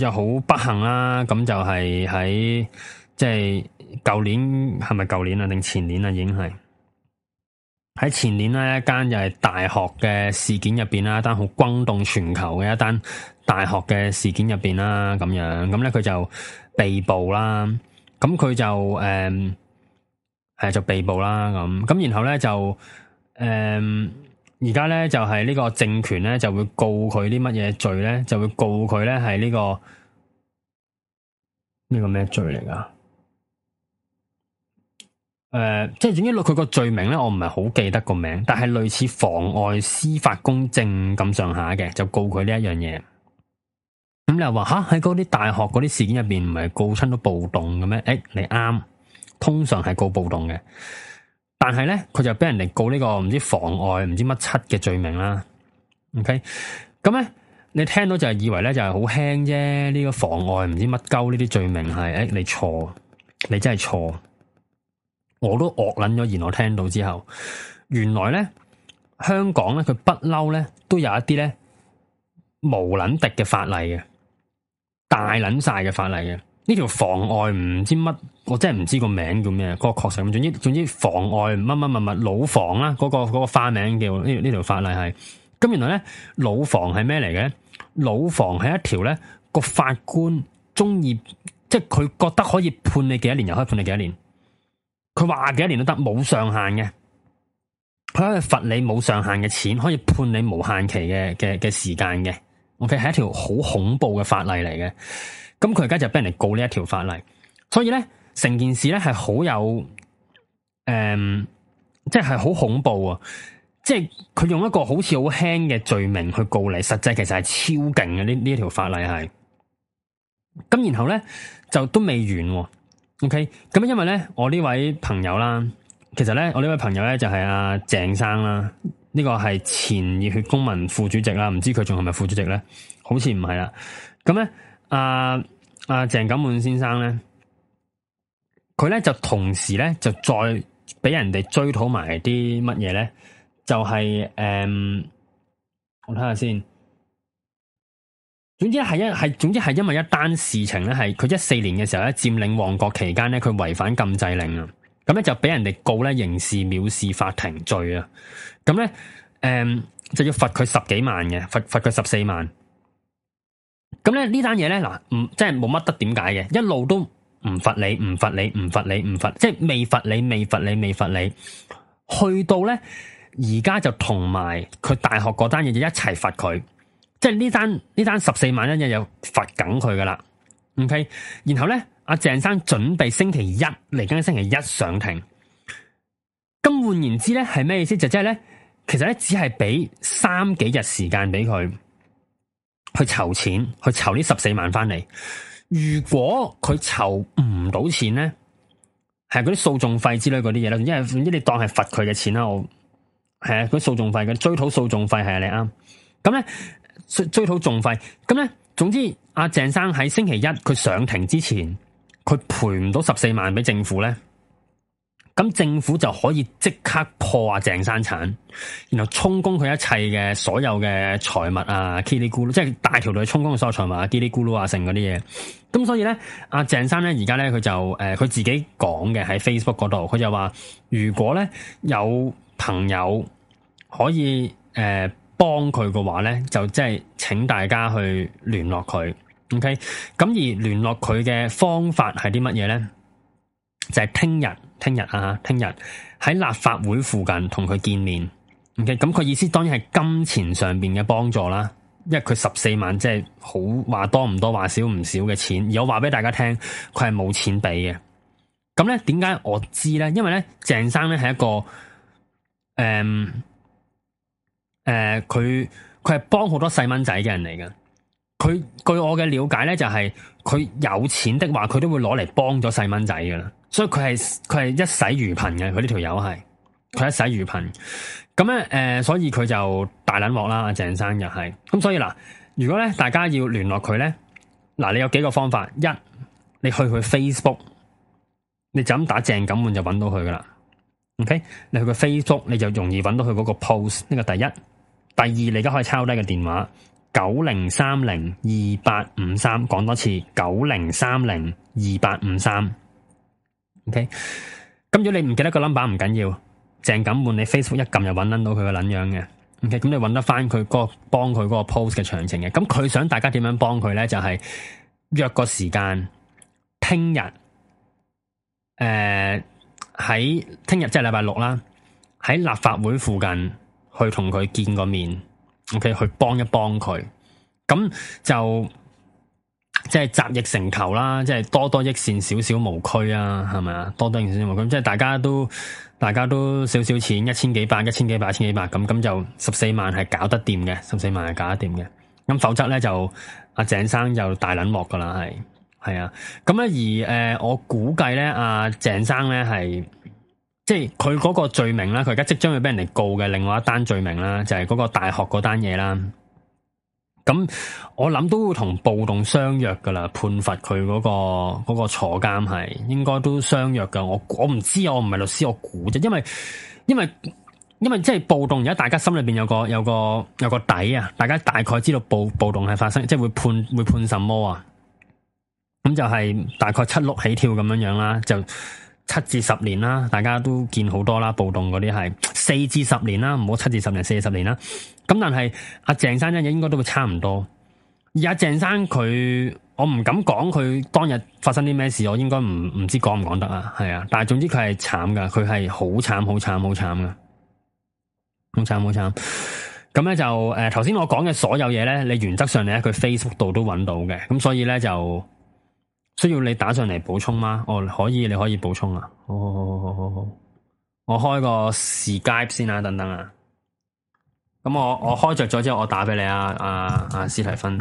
就好不幸啦，咁就係喺即係舊年係咪舊年啊，定前年啊，已經係。喺前年呢一間又係大學嘅事件入邊啦，一單好轟動全球嘅一單大學嘅事件入邊啦，咁樣咁咧佢就被捕啦，咁佢就誒係、嗯啊、就被捕啦，咁咁然後咧就誒而家咧就係、係、呢個政權咧就會告佢啲乜嘢罪咧，就會告佢咧係呢、呢個呢、呢個咩罪嚟㗎？誒、呃，即係總之，佢個罪名咧，我唔係好記得個名，但係類似妨礙司法公正咁上下嘅，就告佢呢一樣嘢。咁、嗯、你又話吓喺嗰啲大學嗰啲事件入邊，唔係告親都暴動嘅咩？誒、欸，你啱，通常係告暴動嘅。但係咧，佢就俾人哋告呢、這個唔知妨礙唔知乜七嘅罪名啦。OK，咁、嗯、咧你聽到就係以為咧就係好輕啫，呢、這個妨礙唔知乜鳩呢啲罪名係誒、欸，你錯，你真係錯。我都惡捻咗，然我聽到之後，原來咧香港咧佢不嬲咧都有一啲咧無捻敵嘅法例嘅，大捻晒嘅法例嘅。呢條妨礙唔知乜，我真係唔知名、個名叫咩？個確實咁，總之總之妨礙乜乜乜乜老房啦、啊。嗰、個嗰、個花名叫呢呢條法例係。咁原來咧老房係咩嚟嘅？老房係一條咧個法官中意，即係佢覺得可以判你幾多年，又可以判你幾多年。佢話幾多年都得，冇上限嘅，佢可以罰你冇上限嘅錢，可以判你無限期嘅嘅嘅時間嘅，OK，係一條好恐怖嘅法例嚟嘅。咁佢而家就俾人嚟告呢一條法例，所以咧成件事咧係好有，誒、嗯，即係好恐怖啊！即係佢用一個好似好輕嘅罪名去告你，實際其實係超勁嘅呢呢一條法例係。咁然後咧就都未完。OK，咁因為咧，我呢位朋友啦，其實咧，我呢位朋友咧就係阿鄭生啦，呢、這個係前熱血公民副主席啦，唔知佢仲係咪副主席咧，好似唔係啦。咁、嗯、咧，阿阿鄭錦滿先生咧，佢咧就同時咧就再俾人哋追討埋啲乜嘢咧，就係、是、誒、嗯，我睇下先。總之係一係，總之係因為一單事情咧，係佢一四年嘅時候咧，佔領旺角期間咧，佢違反禁制令啊，咁咧就俾人哋告咧，刑事藐視法庭罪啊，咁咧，誒就要罰佢十幾萬嘅，罰罰佢十四萬。咁咧呢單嘢咧嗱，唔即係冇乜得點解嘅，一路都唔罰你，唔罰你，唔罰你，唔罰，即係未罰你，未罰你，未罰你，未罰你，去到咧而家就同埋佢大學嗰單嘢一齊罰佢。即係呢單呢單十四萬一日又罰緊佢噶啦，OK？然後咧，阿鄭生準備星期一嚟緊星期一上庭。咁換言之咧，係咩意思呢？就即係咧，其實咧只係俾三幾日時間俾佢去籌錢，去籌呢十四萬翻嚟。如果佢籌唔到錢咧，係嗰啲訴訟費之類嗰啲嘢啦，因為你當係罰佢嘅錢啦。我係啊，嗰訴訟費佢追討訴訟費係啊，你啱咁咧。追討仲費，咁咧，總之阿鄭生喺星期一佢上庭之前，佢賠唔到十四萬俾政府咧，咁政府就可以即刻破阿鄭生產，然後充公佢一切嘅所有嘅財物啊，嘰里咕嚕，即係大條女充公嘅所有財物啊，嘰里咕嚕啊，剩嗰啲嘢。咁所以咧，阿鄭生咧而家咧佢就誒，佢、呃、自己講嘅喺 Facebook 嗰度，佢就話如果咧有朋友可以誒。呃幫佢嘅話呢，就即係請大家去聯絡佢，OK？咁而聯絡佢嘅方法係啲乜嘢呢？就係聽日，聽日啊，聽日喺立法會附近同佢見面，OK？咁佢意思當然係金錢上面嘅幫助啦，因為佢十四萬即係好話多唔多話少唔少嘅錢，有話俾大家聽，佢係冇錢俾嘅。咁呢點解我知呢？因為呢，鄭生呢係一個誒。嗯誒，佢佢係幫好多細蚊仔嘅人嚟噶。佢據我嘅了解呢就係佢有錢的話，佢都會攞嚟幫咗細蚊仔噶啦。所以佢係佢係一洗如貧嘅，佢呢條友係佢一洗如貧。咁咧誒，所以佢就大撚鑊啦，鄭生又係。咁所以嗱，如果咧大家要聯絡佢呢，嗱，你有幾個方法？一，你去佢 Facebook，你就咁打鄭錦煥就揾到佢噶啦。OK，你去佢 Facebook，你就容易揾到佢嗰個 post。呢個第一。第二，你而家可以抄低個電話九零三零二八五三，講多次九零三零二八五三。53, OK，咁如果你唔記得個 number 唔緊要，鄭錦煥你 Facebook 一撳就揾撚到佢個撚樣嘅。OK，咁你揾得翻佢嗰個幫佢個 post 嘅詳情嘅。咁佢想大家點樣幫佢咧？就係、是、約個時間，聽日，誒喺聽日即係禮拜六啦，喺立法會附近。去同佢見個面，OK，去幫一幫佢，咁就即係、就是、集腋成裘啦，即、就、係、是、多多益善，少少無拘啊，係咪啊？多多益善，少少無拘，即、就、係、是、大家都大家都少少錢，一千幾百，一千幾百，一千幾百，咁咁就十四萬係搞得掂嘅，十四萬係搞得掂嘅，咁否則咧就阿鄭、啊、生就大撚鑊噶啦，係係啊，咁咧而誒、呃、我估計咧阿鄭生咧係。即係佢嗰個罪名啦，佢而家即將會俾人哋告嘅另外一單罪名啦，就係、是、嗰個大學嗰單嘢啦。咁我諗都同暴動相約噶啦，判罰佢嗰個、嗰個坐監係應該都相約噶。我我唔知，我唔係律師，我估啫。因為因為因為即係暴動，而家大家心裏邊有個有個有個底啊，大家大概知道暴暴動係發生，即係會判會判什麼啊？咁就係大概七六起跳咁樣樣啦，就。七至十年啦，大家都見好多啦，暴動嗰啲係四至十年啦，唔好七至十年，四至十年啦。咁但係阿鄭生呢嘢應該都會差唔多。而阿鄭生佢，我唔敢講佢當日發生啲咩事，我應該唔唔知講唔講得啊？係啊。但係總之佢係慘噶，佢係好慘好慘好慘噶，好慘好慘。咁咧就誒，頭、呃、先我講嘅所有嘢咧，你原則上咧，佢 Facebook 度都揾到嘅，咁所以咧就。需要你打上嚟補充嗎？哦、oh，可以，你可以補充啊。好好好好好好，我開個 Skype 先啦，啊。等等啊。咁我我開着咗之後，我打俾你啊啊啊，斯、啊啊、提芬。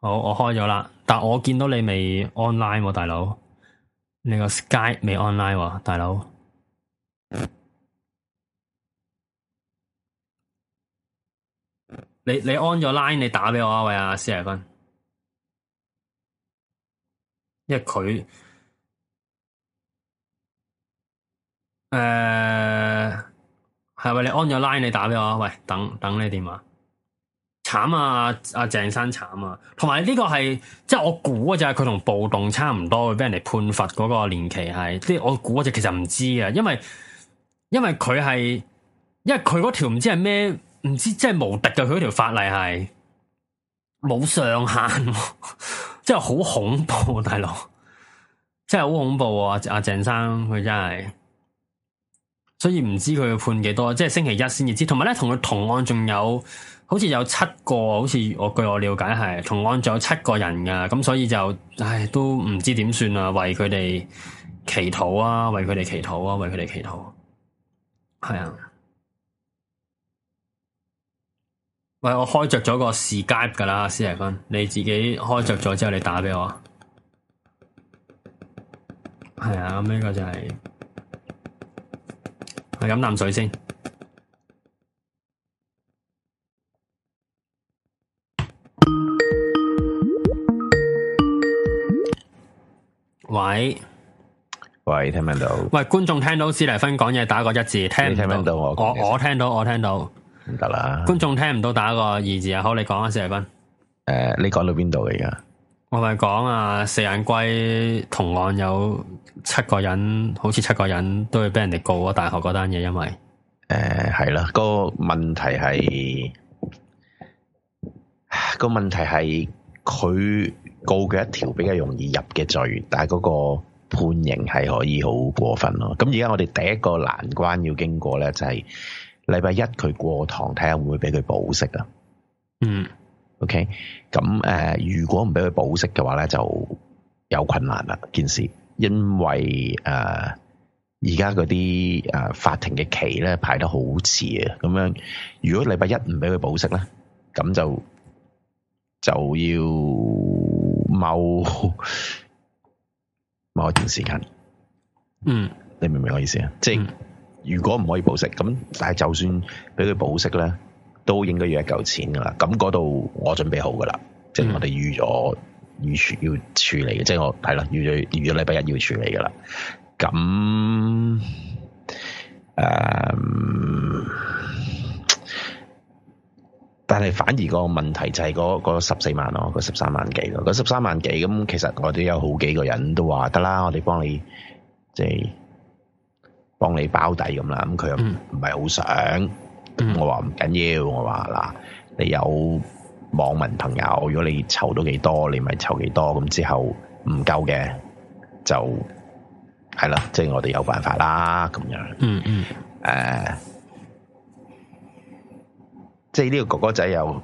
好，我開咗啦，但我見到你未 online 喎，啊，大佬。你個 Skype 未 online 喎，啊，大佬。你你安咗 line，你打畀我啊！喂啊，施尼芬，因為佢誒係咪你安咗 line？你打畀我啊！喂，等等你點啊？慘啊！阿阿鄭生慘啊！同埋呢個係即係我估啊，就係佢同暴動差唔多，會俾人哋判罰嗰個年期係。即係我估啊，就其實唔知啊，因為因為佢係因為佢嗰條唔知係咩。唔知真係無敵嘅佢嗰條法例係冇上限，即係好恐怖，大佬真係好恐怖啊！阿鄭生佢真係，所以唔知佢判幾多，即係星期一先至知。同埋咧，同佢同案仲有，好似有七個，好似我據我了解係同案仲有七個人噶，咁所以就唉都唔知點算啊！為佢哋祈禱啊，為佢哋祈禱啊，為佢哋祈禱，係啊。喂，我開着咗個試 gap 㗎喇，施麗芬，你自己開着咗之後，你打畀我。係啊，咁、嗯、呢、這個就係、是。我飲啖水先。喂喂，聽唔聽到？喂，觀眾聽到施麗芬講嘢，打個一字。聽唔聽到我，我？我我聽到，我聽到。得啦！觀眾聽唔到，打個二字啊！好，你講啊，謝麗君。誒、呃，你講到邊度而家？我咪講啊，四眼龜同案有七個人，好似七個人都會俾人哋告啊！大學嗰單嘢，因為誒係啦，呃個問題係、個問題係佢、那個、告嘅一條比較容易入嘅罪，但係嗰個判刑係可以好過分咯。咁而家我哋第一個難關要經過咧、就是，就係。禮拜一佢過堂，睇下會唔會俾佢保釋啊？嗯，OK，咁誒、呃，如果唔俾佢保釋嘅話咧，就有困難啦件事，因為誒而家嗰啲誒法庭嘅期咧排得好遲啊，咁樣如果禮拜一唔俾佢保釋咧，咁就就要踎某一段時間，嗯，你明唔明我意思啊？即係、嗯。嗯如果唔可以保釋，咁但係就算俾佢保釋咧，都應該要一嚿錢噶啦。咁嗰度我準備好噶啦，嗯、即係我哋預咗預處要處理嘅，即係我係啦，預咗預咗禮拜一要處理噶啦。咁誒、嗯，但係反而個問題就係嗰十四萬咯，嗰十三萬幾咯，嗰十三萬幾咁，其實我哋有好幾個人都話得啦，我哋幫你即係。幫你包底咁啦，咁佢又唔係好想。嗯、我話唔緊要，我話嗱，你有網民朋友，如果你籌到幾多，你咪籌幾多。咁之後唔夠嘅就係啦，即係、就是、我哋有辦法啦，咁樣。嗯嗯，誒，uh, 即係呢個哥哥仔又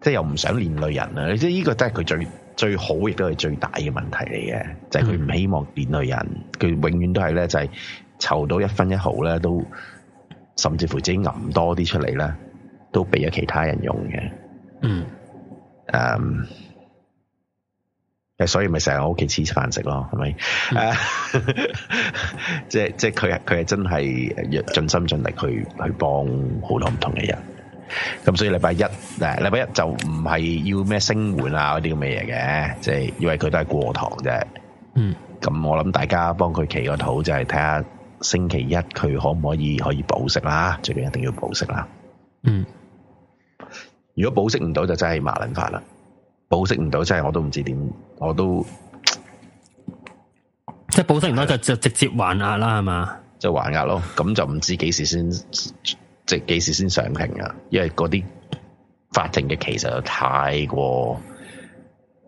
即係又唔想連累人啊，即係呢個都係佢最。最好亦都係最大嘅問題嚟嘅，就係佢唔希望連累人，佢、嗯、永遠都係咧，就係籌到一分一毫咧都，甚至乎自己揞多啲出嚟咧，都俾咗其他人用嘅。嗯，誒，係所以咪成日喺屋企黐飯食咯，係咪？誒、嗯，即係即係佢係佢係真係盡心盡力去去幫好多唔同嘅人。咁所以禮拜一，誒，禮拜一就唔係要咩聲援啊，嗰啲咁嘅嘢嘅，即係因為佢都係過堂啫。嗯，咁我諗大家幫佢祈個禱，就係睇下星期一佢可唔可以可以保釋啦，最緊要一定要保釋啦。嗯，如果保釋唔到，就真係麻撚煩啦。保釋唔到，真係我都唔知點，我都即係保釋唔到就就直接還押啦，係嘛？即係就還押咯，咁就唔知幾時先。即係幾時先上庭啊？因為嗰啲法庭嘅期就太過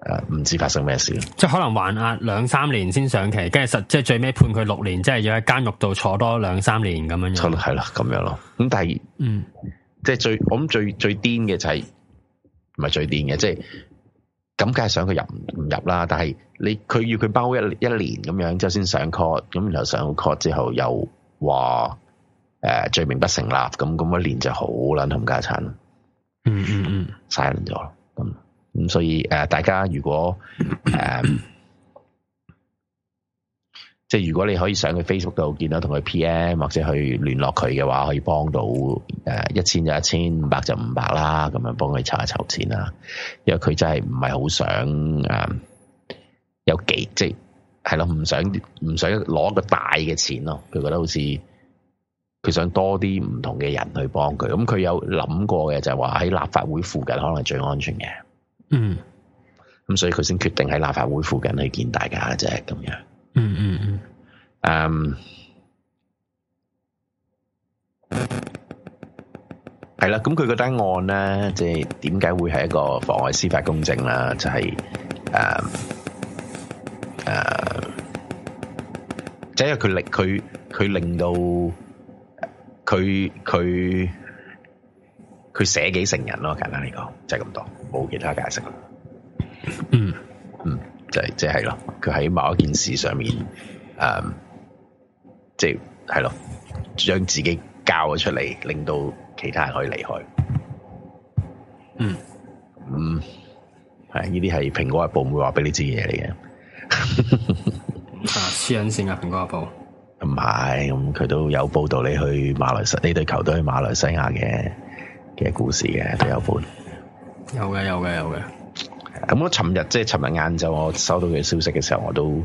誒，唔、呃、知發生咩事。即係可能還押兩三年先上庭，跟住實即係最尾判佢六年，即係要喺監獄度坐多兩三年咁樣。坐係咯，咁樣咯。咁但係，嗯，即係最我諗最最癲嘅就係唔係最癲嘅，即係咁梗係想佢、就是、入唔入啦。但係你佢要佢包一一年咁樣，之後先上 court 咁然後上 court 之後又話。誒、呃，罪名不成立，咁咁一年就好捻冚家產咯，嗯嗯嗯，晒人咗，咁咁所以誒、呃，大家如果誒，呃、 [COUGHS] 即係如果你可以上去 Facebook 度見到同佢 PM 或者去聯絡佢嘅話，可以幫到誒一千就一千，五百就五百啦，咁樣幫佢籌一籌錢啦，因為佢真係唔係好想誒、呃，有幾即係咯，唔想唔想攞個大嘅錢咯，佢覺得好似。佢想多啲唔同嘅人去幫佢，咁、嗯、佢有諗過嘅就係話喺立法會附近可能最安全嘅。嗯，咁所以佢先決定喺立法會附近去見大家啫，咁樣。嗯嗯嗯。嗯，係、嗯、啦，咁佢嗰單案咧，即係點解會係一個妨礙司法公正啦？就係誒誒，即係因為佢令佢佢令到。佢佢佢寫幾成人咯，簡單嚟講就係、是、咁多，冇其他解釋啦。嗯嗯，就係即係咯，佢、就、喺、是、某一件事上面誒，即係係咯，將、嗯就是、自己交咗出嚟，令到其他人可以離開。嗯，咁係呢啲係蘋果日報唔會話俾你知嘅嘢嚟嘅。 [LAUGHS] 啊，私隱性啊，蘋果日報。唔係，咁佢都有報道你去馬來西亞，呢隊球隊去馬來西亞嘅嘅故事嘅都有報。有嘅，有嘅，有嘅。咁我尋日即係尋日晏晝，我收到佢消息嘅時候，我都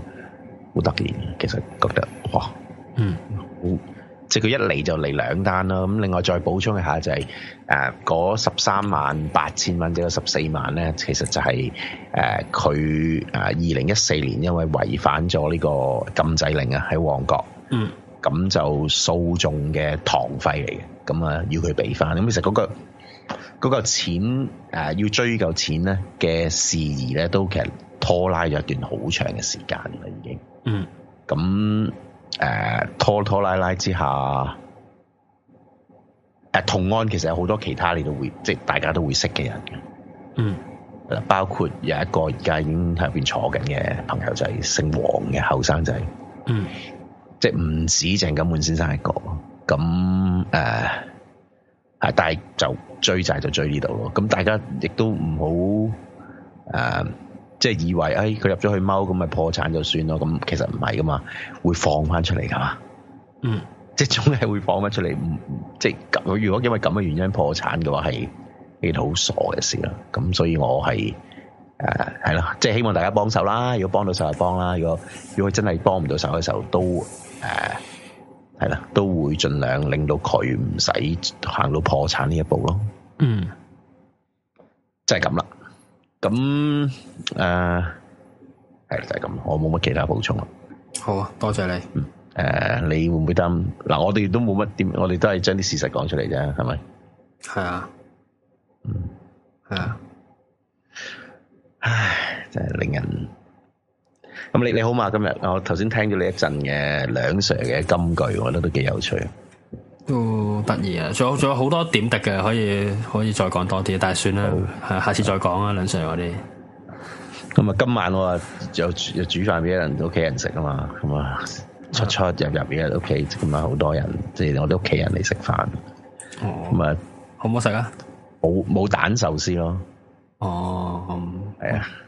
好突然，其實覺得哇，嗯，好，即係佢一嚟就嚟兩單啦。咁另外再補充一下就係、是，誒、呃，嗰十三萬八千蚊，即係十四萬咧，其實就係誒佢誒二零一四年因為違反咗呢個禁制令啊，喺旺角。嗯，咁就訴訟嘅堂費嚟嘅，咁啊要佢俾返。咁其實嗰個嗰個錢、呃，要追究錢咧嘅事宜咧，都其實拖拉咗一段好長嘅時間啦，已經。嗯，咁誒、呃、拖拖拉拉之下，誒、呃、同案其實有好多其他你都會，即係大家都會識嘅人嘅。嗯，包括有一個而家已經喺入邊坐緊嘅朋友仔，就係、姓黃嘅後生仔。嗯。即係唔止鄭錦滿先生一個，咁誒係，但係就追債就追呢度咯。咁大家亦都唔好誒，即係以為誒佢入咗去踎，咁咪破產就算咯。咁其實唔係噶嘛，會放翻出嚟噶嘛。嗯，即係總係會放翻出嚟。唔、嗯、即係佢如果因為咁嘅原因破產嘅話，係好傻嘅事啦。咁所以我係誒係啦，即係希望大家幫手啦。如果幫到手就幫啦。如果如果真係幫唔到手嘅時候都。誒，係啦、啊，都會盡量令到佢唔使行到破產呢一步咯。嗯，即係咁啦。咁誒，係、啊、就係、係、咁，我冇乜其他補充啦。好啊，多謝你。嗯，誒、啊，你會唔會擔？嗱、啊，我哋都冇乜點，我哋都係將啲事實講出嚟啫，係咪？係啊的，嗯，係啊的。唉，真係令人～咁你你好嘛？今日我頭先聽咗你一陣嘅梁 Sir 嘅金句，我覺得都幾有趣，都得意啊！仲有仲有好多點滴嘅，可以可以再講多啲，但係算啦，好下次再講啦。梁、嗯、Sir 我咁啊，今晚我啊又又煮飯俾人屋企人食噶嘛，咁、嗯、啊出出入入嘅屋企咁啊，好多人即係我哋屋企人嚟食飯，咁啊好唔好食啊？冇冇蛋壽司咯，哦，咁係啊。嗯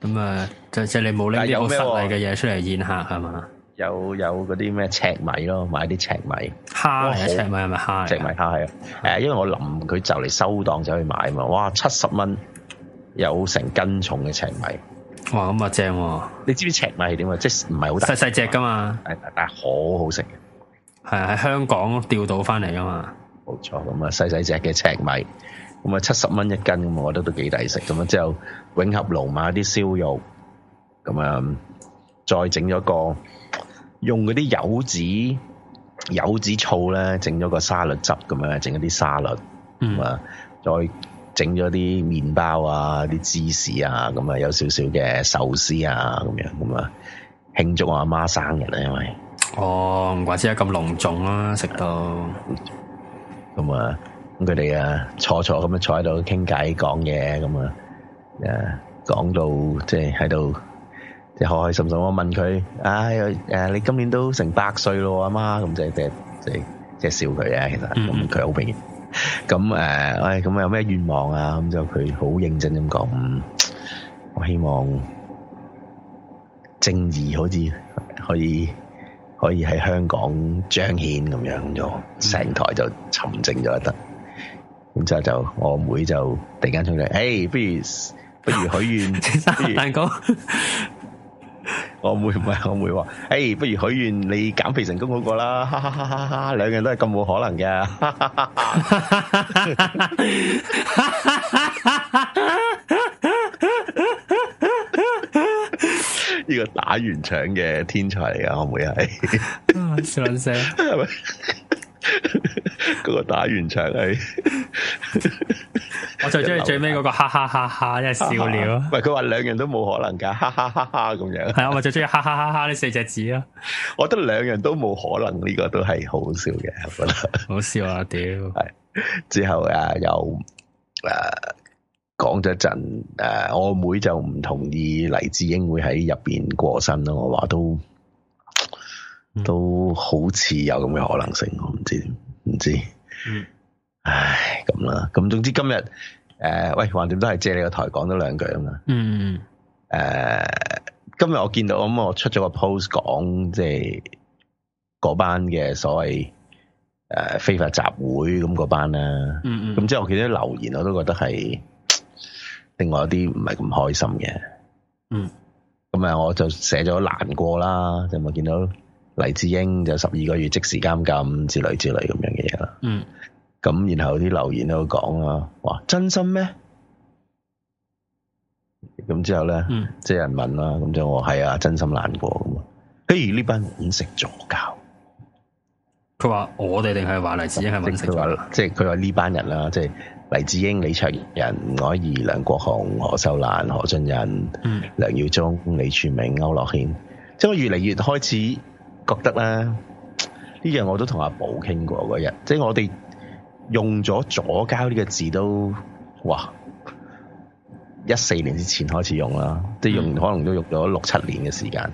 咁、嗯就是，啊，就即係你冇拎，啲個失禮嘅嘢，出嚟宴客係嘛？有有嗰啲咩赤米咯，買啲赤米蝦嚟，啊啊、赤米係咪蝦？赤米蝦係啊，誒、嗯，因為我諗佢就嚟收檔就去買啊嘛，哇，七十蚊有成斤重嘅赤米。哇，咁啊正喎！你知唔知赤米係點啊？即係唔係好大，細細隻噶嘛。係但係好好食嘅，啊，喺香港釣到翻嚟噶嘛。冇錯，咁啊，細細隻嘅赤米。咁啊七十蚊一斤咁，我覺得都幾抵食咁啊！之後永合龍買啲燒肉，咁啊再整咗個用嗰啲柚子柚子醋咧，整咗個沙律汁咁咧，整一啲沙律咁啊，再整咗啲麵包啊、啲芝士啊，咁啊有少少嘅壽司啊咁樣咁啊，慶祝我阿媽生日啊，因為哦，或者咁隆重啦，食到咁啊～佢哋啊，坐坐咁樣坐喺度傾偈講嘢咁啊，誒，講到即係喺度即係開開心心。我問佢，唉，誒，你今年都成百歲咯，阿媽咁就即係即係笑佢啊。其實咁佢好平。咁誒，喂，咁有咩願望啊？咁就佢好認真咁講，我希望正義可以可以可以喺香港彰顯咁樣，咁樣成台就沉靜咗得。咁之後就就我妹就突然間衝出嚟，誒、hey,，不如不如許願，大哥， [LAUGHS] [LAUGHS] 我妹唔係我妹喎，誒、hey,，不如許願你減肥成功好過啦，兩樣都係咁冇可能嘅，呢個打圓場嘅天才嚟㗎，我妹 [LAUGHS] 啊，算啦先。嗯 [LAUGHS] 嗰 [LAUGHS] 個打完場係，我最中意最尾嗰個哈哈哈哈，真係笑料。 [LAUGHS] 唔係佢話兩人都冇可能噶，哈哈哈哈咁樣。 [LAUGHS] [LAUGHS] [LAUGHS] 係啊，我最中意哈哈哈哈呢四隻字啊！我覺得兩人都冇可能，呢個都係好笑嘅。好笑啊！屌，係之後啊，又誒講咗陣誒，我妹，妹就唔同意黎智英會喺入邊過身咯。我話都。都好似有咁嘅可能性，我唔知唔知。嗯、唉，咁啦，咁總之今日誒、呃，喂，橫掂都係借你個台講咗兩句啊嘛，嗯嗯、呃。嗯。誒，今日我見到咁，我出咗個 post 講，即係嗰班嘅所謂誒、呃、非法集會咁嗰班啦、啊。嗯嗯。咁即係我見到留言，我都覺得係另外有啲唔係咁開心嘅。嗯。咁啊、嗯，我就寫咗難過啦，就咪見到黎智英就十二個月即時監禁之類之類咁樣嘅嘢啦。嗯，咁然後啲留言都講啦，話真心咩？咁之後咧，即係人問啦，咁就我係啊，真心難過咁啊。譬如呢班飲食助教，佢話我哋定係話黎智英係飲食助？即係佢話呢班人啦，即係黎智英、李卓人、吳靄儀、梁國雄、何秀蘭、何俊仁、梁耀忠、李柱銘、區諾軒，即係我越嚟越開始。覺得咧，呢樣我都同阿寶傾過嗰日，即係我哋用咗左膠呢、這個字都哇一四年之前開始用啦，嗯、即都用可能都用咗六七年嘅時間。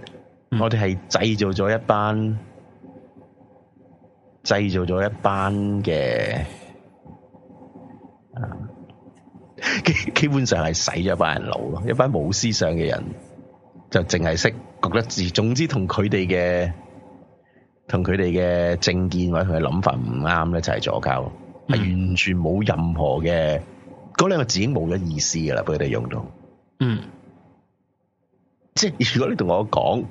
嗯、我哋係製造咗一班製造咗一班嘅基基本上係洗一班人腦咯，一班冇思想嘅人就淨係識讀得字，總之同佢哋嘅。同佢哋嘅政見或者佢嘅諗法唔啱咧，就係、是、左膠，係、嗯、完全冇任何嘅嗰兩個字已經冇咗意思噶啦，俾佢哋用到。嗯，即係如果你同我講，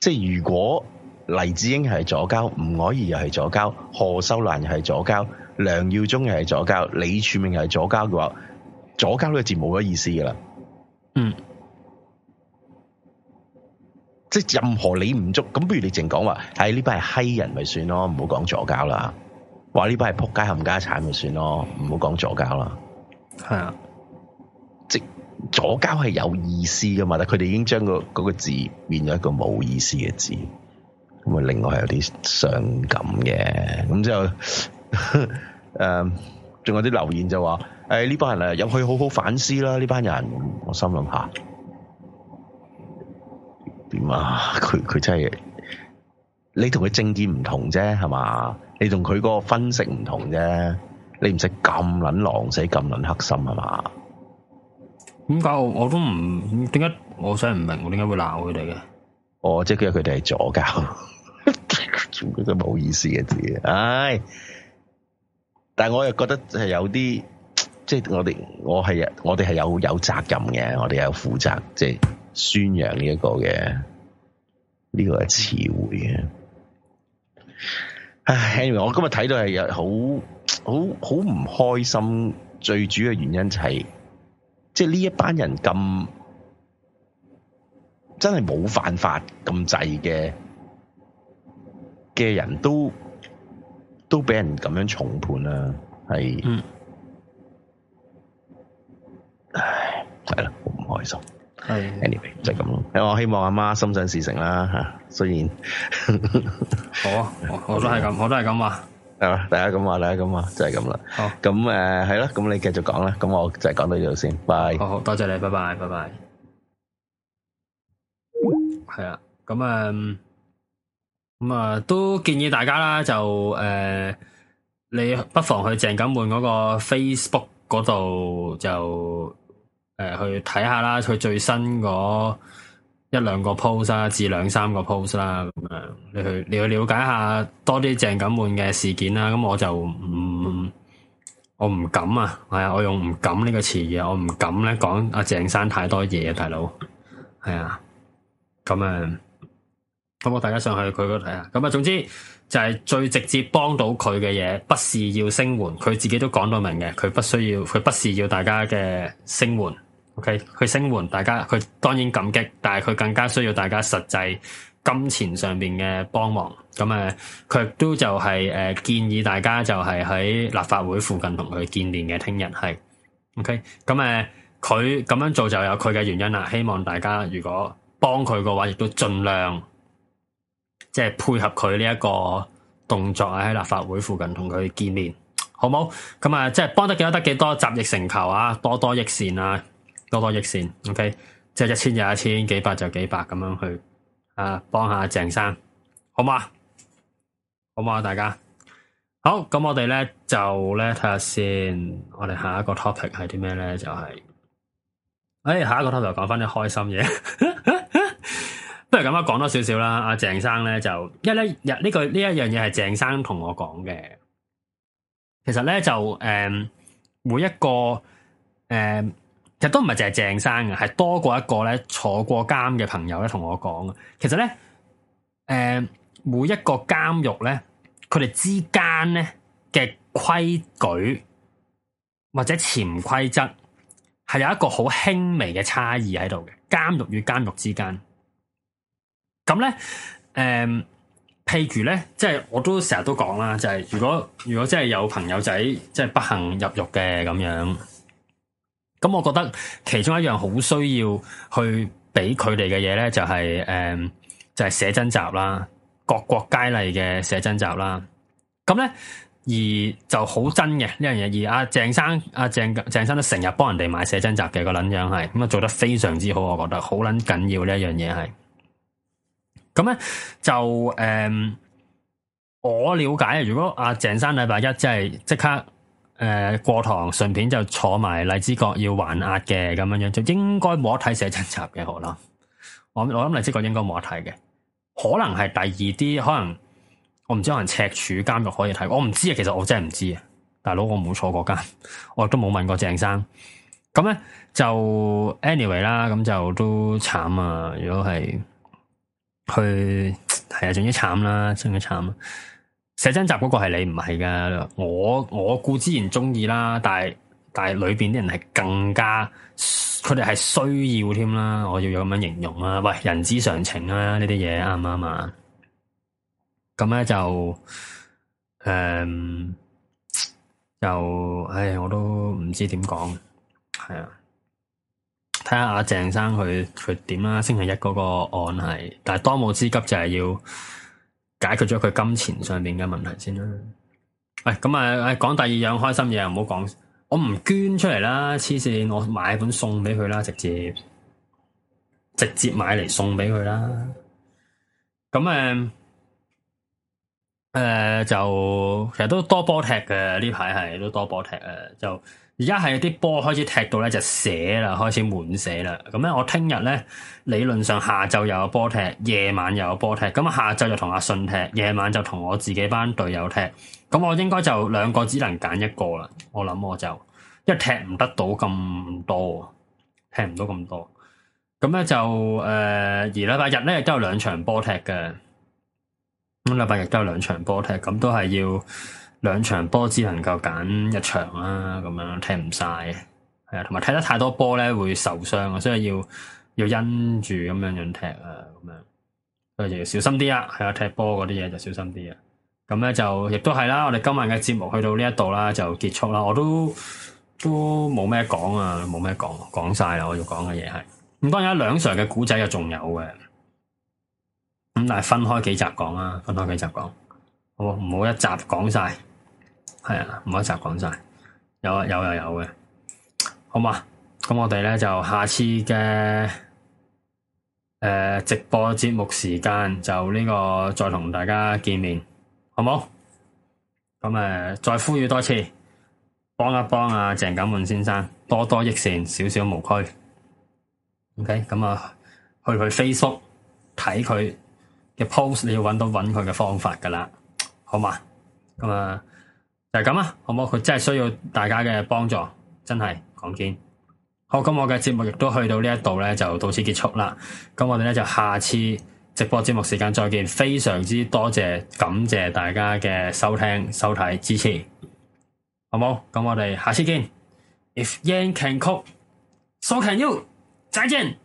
即係如果黎智英係左膠，吳靄儀又係左膠，何秀蘭又係左膠，梁耀忠又係左膠，李柱銘又係左膠嘅話，左膠呢個字冇咗意思噶啦。嗯。即係任何你唔足，咁不如你淨講話，係、哎、呢班係閪人，咪算咯，唔好講左膠啦。話呢班係扑街冚家產咪算咯，唔好講左膠啦。係啊，即係左膠係有意思噶嘛？但佢哋已經將個嗰個字變咗一個冇意思嘅字，咁啊，另外係有啲傷感嘅。咁之後，誒，仲有啲留言就話，誒、哎、呢班人啊入去好好反思啦。呢班人，我心諗下。點佢佢真係你同佢政見唔同啫，係嘛？你同佢個分析唔同啫。你唔使咁撚狼死，咁撚黑心係嘛？點解我都唔點解？我想唔明，我點解會鬧佢哋嘅？哦，即係佢哋係左膠，我 [LAUGHS] 覺都冇意思嘅自己。唉、哎，但係我又覺得係有啲，即係我哋我係我哋係有有責任嘅，我哋有負責，即係。宣揚呢一個嘅，呢、這個係詞彙嘅。唉 anyway, 我今日睇到係有好好好唔開心，最主要嘅原因就係、是，即係呢一班人咁真係冇犯法咁滯嘅嘅人都都俾人咁樣重判啦、啊，係、嗯、唉，係啦，好唔開心。係，anyway，就係咁咯。我希望阿媽心想事成啦吓。雖然， [LAUGHS] 好、啊，我都係咁，我都係咁話。係嘛、啊，大家咁話、啊，大家咁話、啊，就係咁啦。好，咁誒，係、uh，咯，咁你繼續講啦。咁我就係講到呢度先。拜，好，好，多謝你，拜拜，拜拜、嗯。係啊，咁啊，咁、嗯、啊、嗯嗯，都建議大家啦，就誒、呃，你不妨去鄭錦煥嗰個 Facebook 嗰度就。誒，去睇下啦，佢最新嗰一兩個 post 啦，至兩三個 post 啦，咁樣你去你去了解下多啲鄭錦滿嘅事件啦。咁我就唔，我唔敢啊，係啊，我用唔敢呢個詞語，我唔敢咧講阿鄭生太多嘢啊，大佬係啊，咁啊，好冇，大家上去佢嗰度睇下。咁啊，總之就係最直接幫到佢嘅嘢，不是要聲援，佢自己都講到明嘅，佢不需要，佢不是要大家嘅聲援。OK，佢聲援大家，佢當然感激，但係佢更加需要大家實際金錢上面嘅幫忙。咁、嗯、誒、佢都就係、是、誒、呃、建議大家就係喺立法會附近同佢見面嘅。聽日係 OK，咁誒，佢、嗯、咁、嗯嗯、樣做就有佢嘅原因啦。希望大家如果幫佢嘅話，亦都盡量即係配合佢呢一個動作啊。喺立法會附近同佢見面，好冇咁啊？即、嗯、係、嗯就是、幫得幾多得幾多，集腋成裘啊，多多益善啊！多多益善，OK，即係一千就一千，幾百就幾百咁樣去啊，幫下鄭生，好嘛？好嘛？大家好，咁我哋咧就咧睇下先，我哋下一個 topic 係啲咩咧？就係、是，誒、哎，下一個 topic 就講翻啲開心嘢。 [LAUGHS] 不如咁樣，講多少少啦。阿鄭、這個、生咧就因為咧，日呢個呢一樣嘢係鄭生同我講嘅，其實咧就誒、嗯，每一個誒。嗯其實都唔係淨係鄭生嘅，係多過一個咧坐過監嘅朋友咧同我講。其實咧，誒，每一個監獄咧，佢哋之間咧嘅規矩或者潛規則，係有一個好輕微嘅差異喺度嘅。監獄與監獄之間，咁咧，誒，譬如咧，即係我都成日都講啦，就係如果如果真係有朋友仔即係不幸入獄嘅咁樣。咁、嗯、我覺得其中一樣好需要去俾佢哋嘅嘢咧，就係誒，就係寫真集啦，各國佳麗嘅寫真集啦。咁咧，而就好真嘅呢樣嘢，而阿、啊、鄭生、阿、啊、鄭鄭生都成日幫人哋買寫真集嘅，個撚樣係咁啊，做得非常之好，我覺得好撚緊要呢一樣嘢係。咁咧就誒、嗯，我了解啊，如果阿、啊、鄭生禮拜一即係即刻。誒、呃，過堂順便就坐埋荔枝角要還押嘅咁樣樣，就應該冇得睇寫真集嘅，好啦，我諗我我諗荔枝角應該冇得睇嘅，可能係第二啲，可能我唔知，可能赤柱監獄可以睇，我唔知啊，其實我真係唔知啊，大佬我冇坐過監，我都冇問過鄭生，咁咧就 anyway 啦，咁就都慘啊，如果係去係啊，仲之慘啦，總之慘啊。《寫真集》嗰個係你唔係噶我我固之然中意啦，但係但係裏邊啲人係更加，佢哋係需要添啦，我要有咁樣形容啦，喂，人之常情啦，呢啲嘢啱唔啱啊？咁咧就誒、呃，就唉，我都唔知點講，係啊，睇下阿鄭生佢佢點啦，星期一嗰個案係，但係當務之急就係要。解決咗佢金錢上面嘅問題先啦。喂、哎，咁啊，講第二樣開心嘢，唔好講，我唔捐出嚟啦，黐線，我買本送俾佢啦，直接直接買嚟送俾佢啦。咁誒誒，就其實都多波踢嘅，呢排係都多波踢誒，就。而家係啲波開始踢到咧就寫啦，開始滿寫啦。咁咧我聽日咧理論上下晝又有波踢，夜晚又有波踢。咁下晝就同阿信踢，夜晚就同我自己班隊友踢。咁我應該就兩個只能揀一個啦。我諗我就因為踢唔得到咁多，踢唔到咁多。咁咧就誒、呃，而禮拜日咧都有兩場波踢嘅。咁禮拜日都有兩場波踢，咁都係要。兩場波只能夠揀一場啦，咁樣踢唔晒嘅，係啊，同埋踢得太多波咧會受傷啊，所以要要因住咁樣樣踢啊，咁樣，所以就要小心啲啊，係啊，踢波嗰啲嘢，就小心啲啊，咁咧就亦都係啦，我哋今晚嘅節目去到呢一度啦就結束啦，我都都冇咩講啊，冇咩講，講晒啦，我要講嘅嘢係，咁當然有兩場嘅古仔又仲有嘅，咁但係分開幾集講啊，分開幾集講，好唔好？唔好一集講晒。係啊，唔好、哎、一集講晒，有啊有又有嘅，好嘛？咁我哋咧就下次嘅誒、呃、直播節目時間就呢個再同大家見面，好冇？咁誒、呃、再呼籲多次，幫一幫啊，鄭錦煥先生，多多益善，少少無拘。OK，咁啊去佢 Facebook 睇佢嘅 post，你要搵到搵佢嘅方法噶啦，好嘛？咁啊～、呃就係咁啦，好冇？佢真係需要大家嘅幫助，真係講見。好，咁我嘅節目亦都去到呢一度咧，就到此結束啦。咁我哋咧就下次直播節目時間再見。非常之多謝，感謝大家嘅收聽、收睇、支持，好冇？咁我哋下次見。If Yang can cook, so can you。再見。